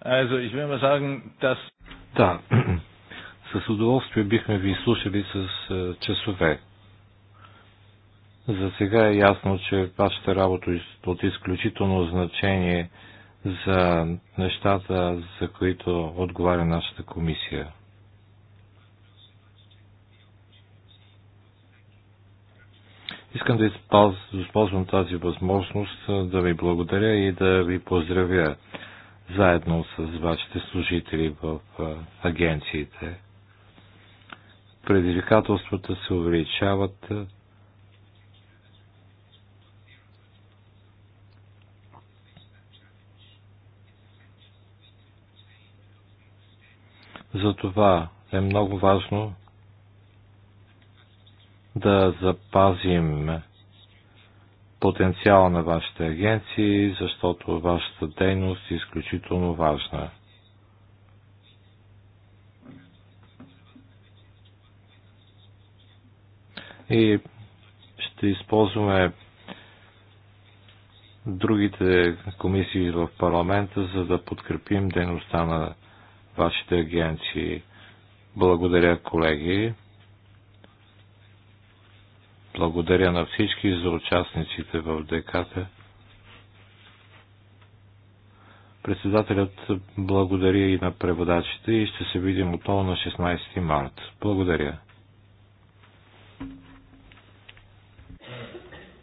Also ich will mal sagen, dass... Да, с удоволствие бихме ви слушали с е, часове. За сега е ясно, че вашата работа е от изключително значение за нещата, за които отговаря нашата комисия. Искам да използвам тази възможност да ви благодаря и да ви поздравя заедно с вашите служители в агенциите. Предизвикателствата се увеличават. Затова е много важно да запазим потенциала на вашите агенции, защото вашата дейност е изключително важна. И ще използваме другите комисии в парламента, за да подкрепим дейността на вашите агенции. Благодаря, колеги. Благодаря на всички за участниците в деката. Председателят благодаря и на преводачите и ще се видим отново на 16 март. Благодаря.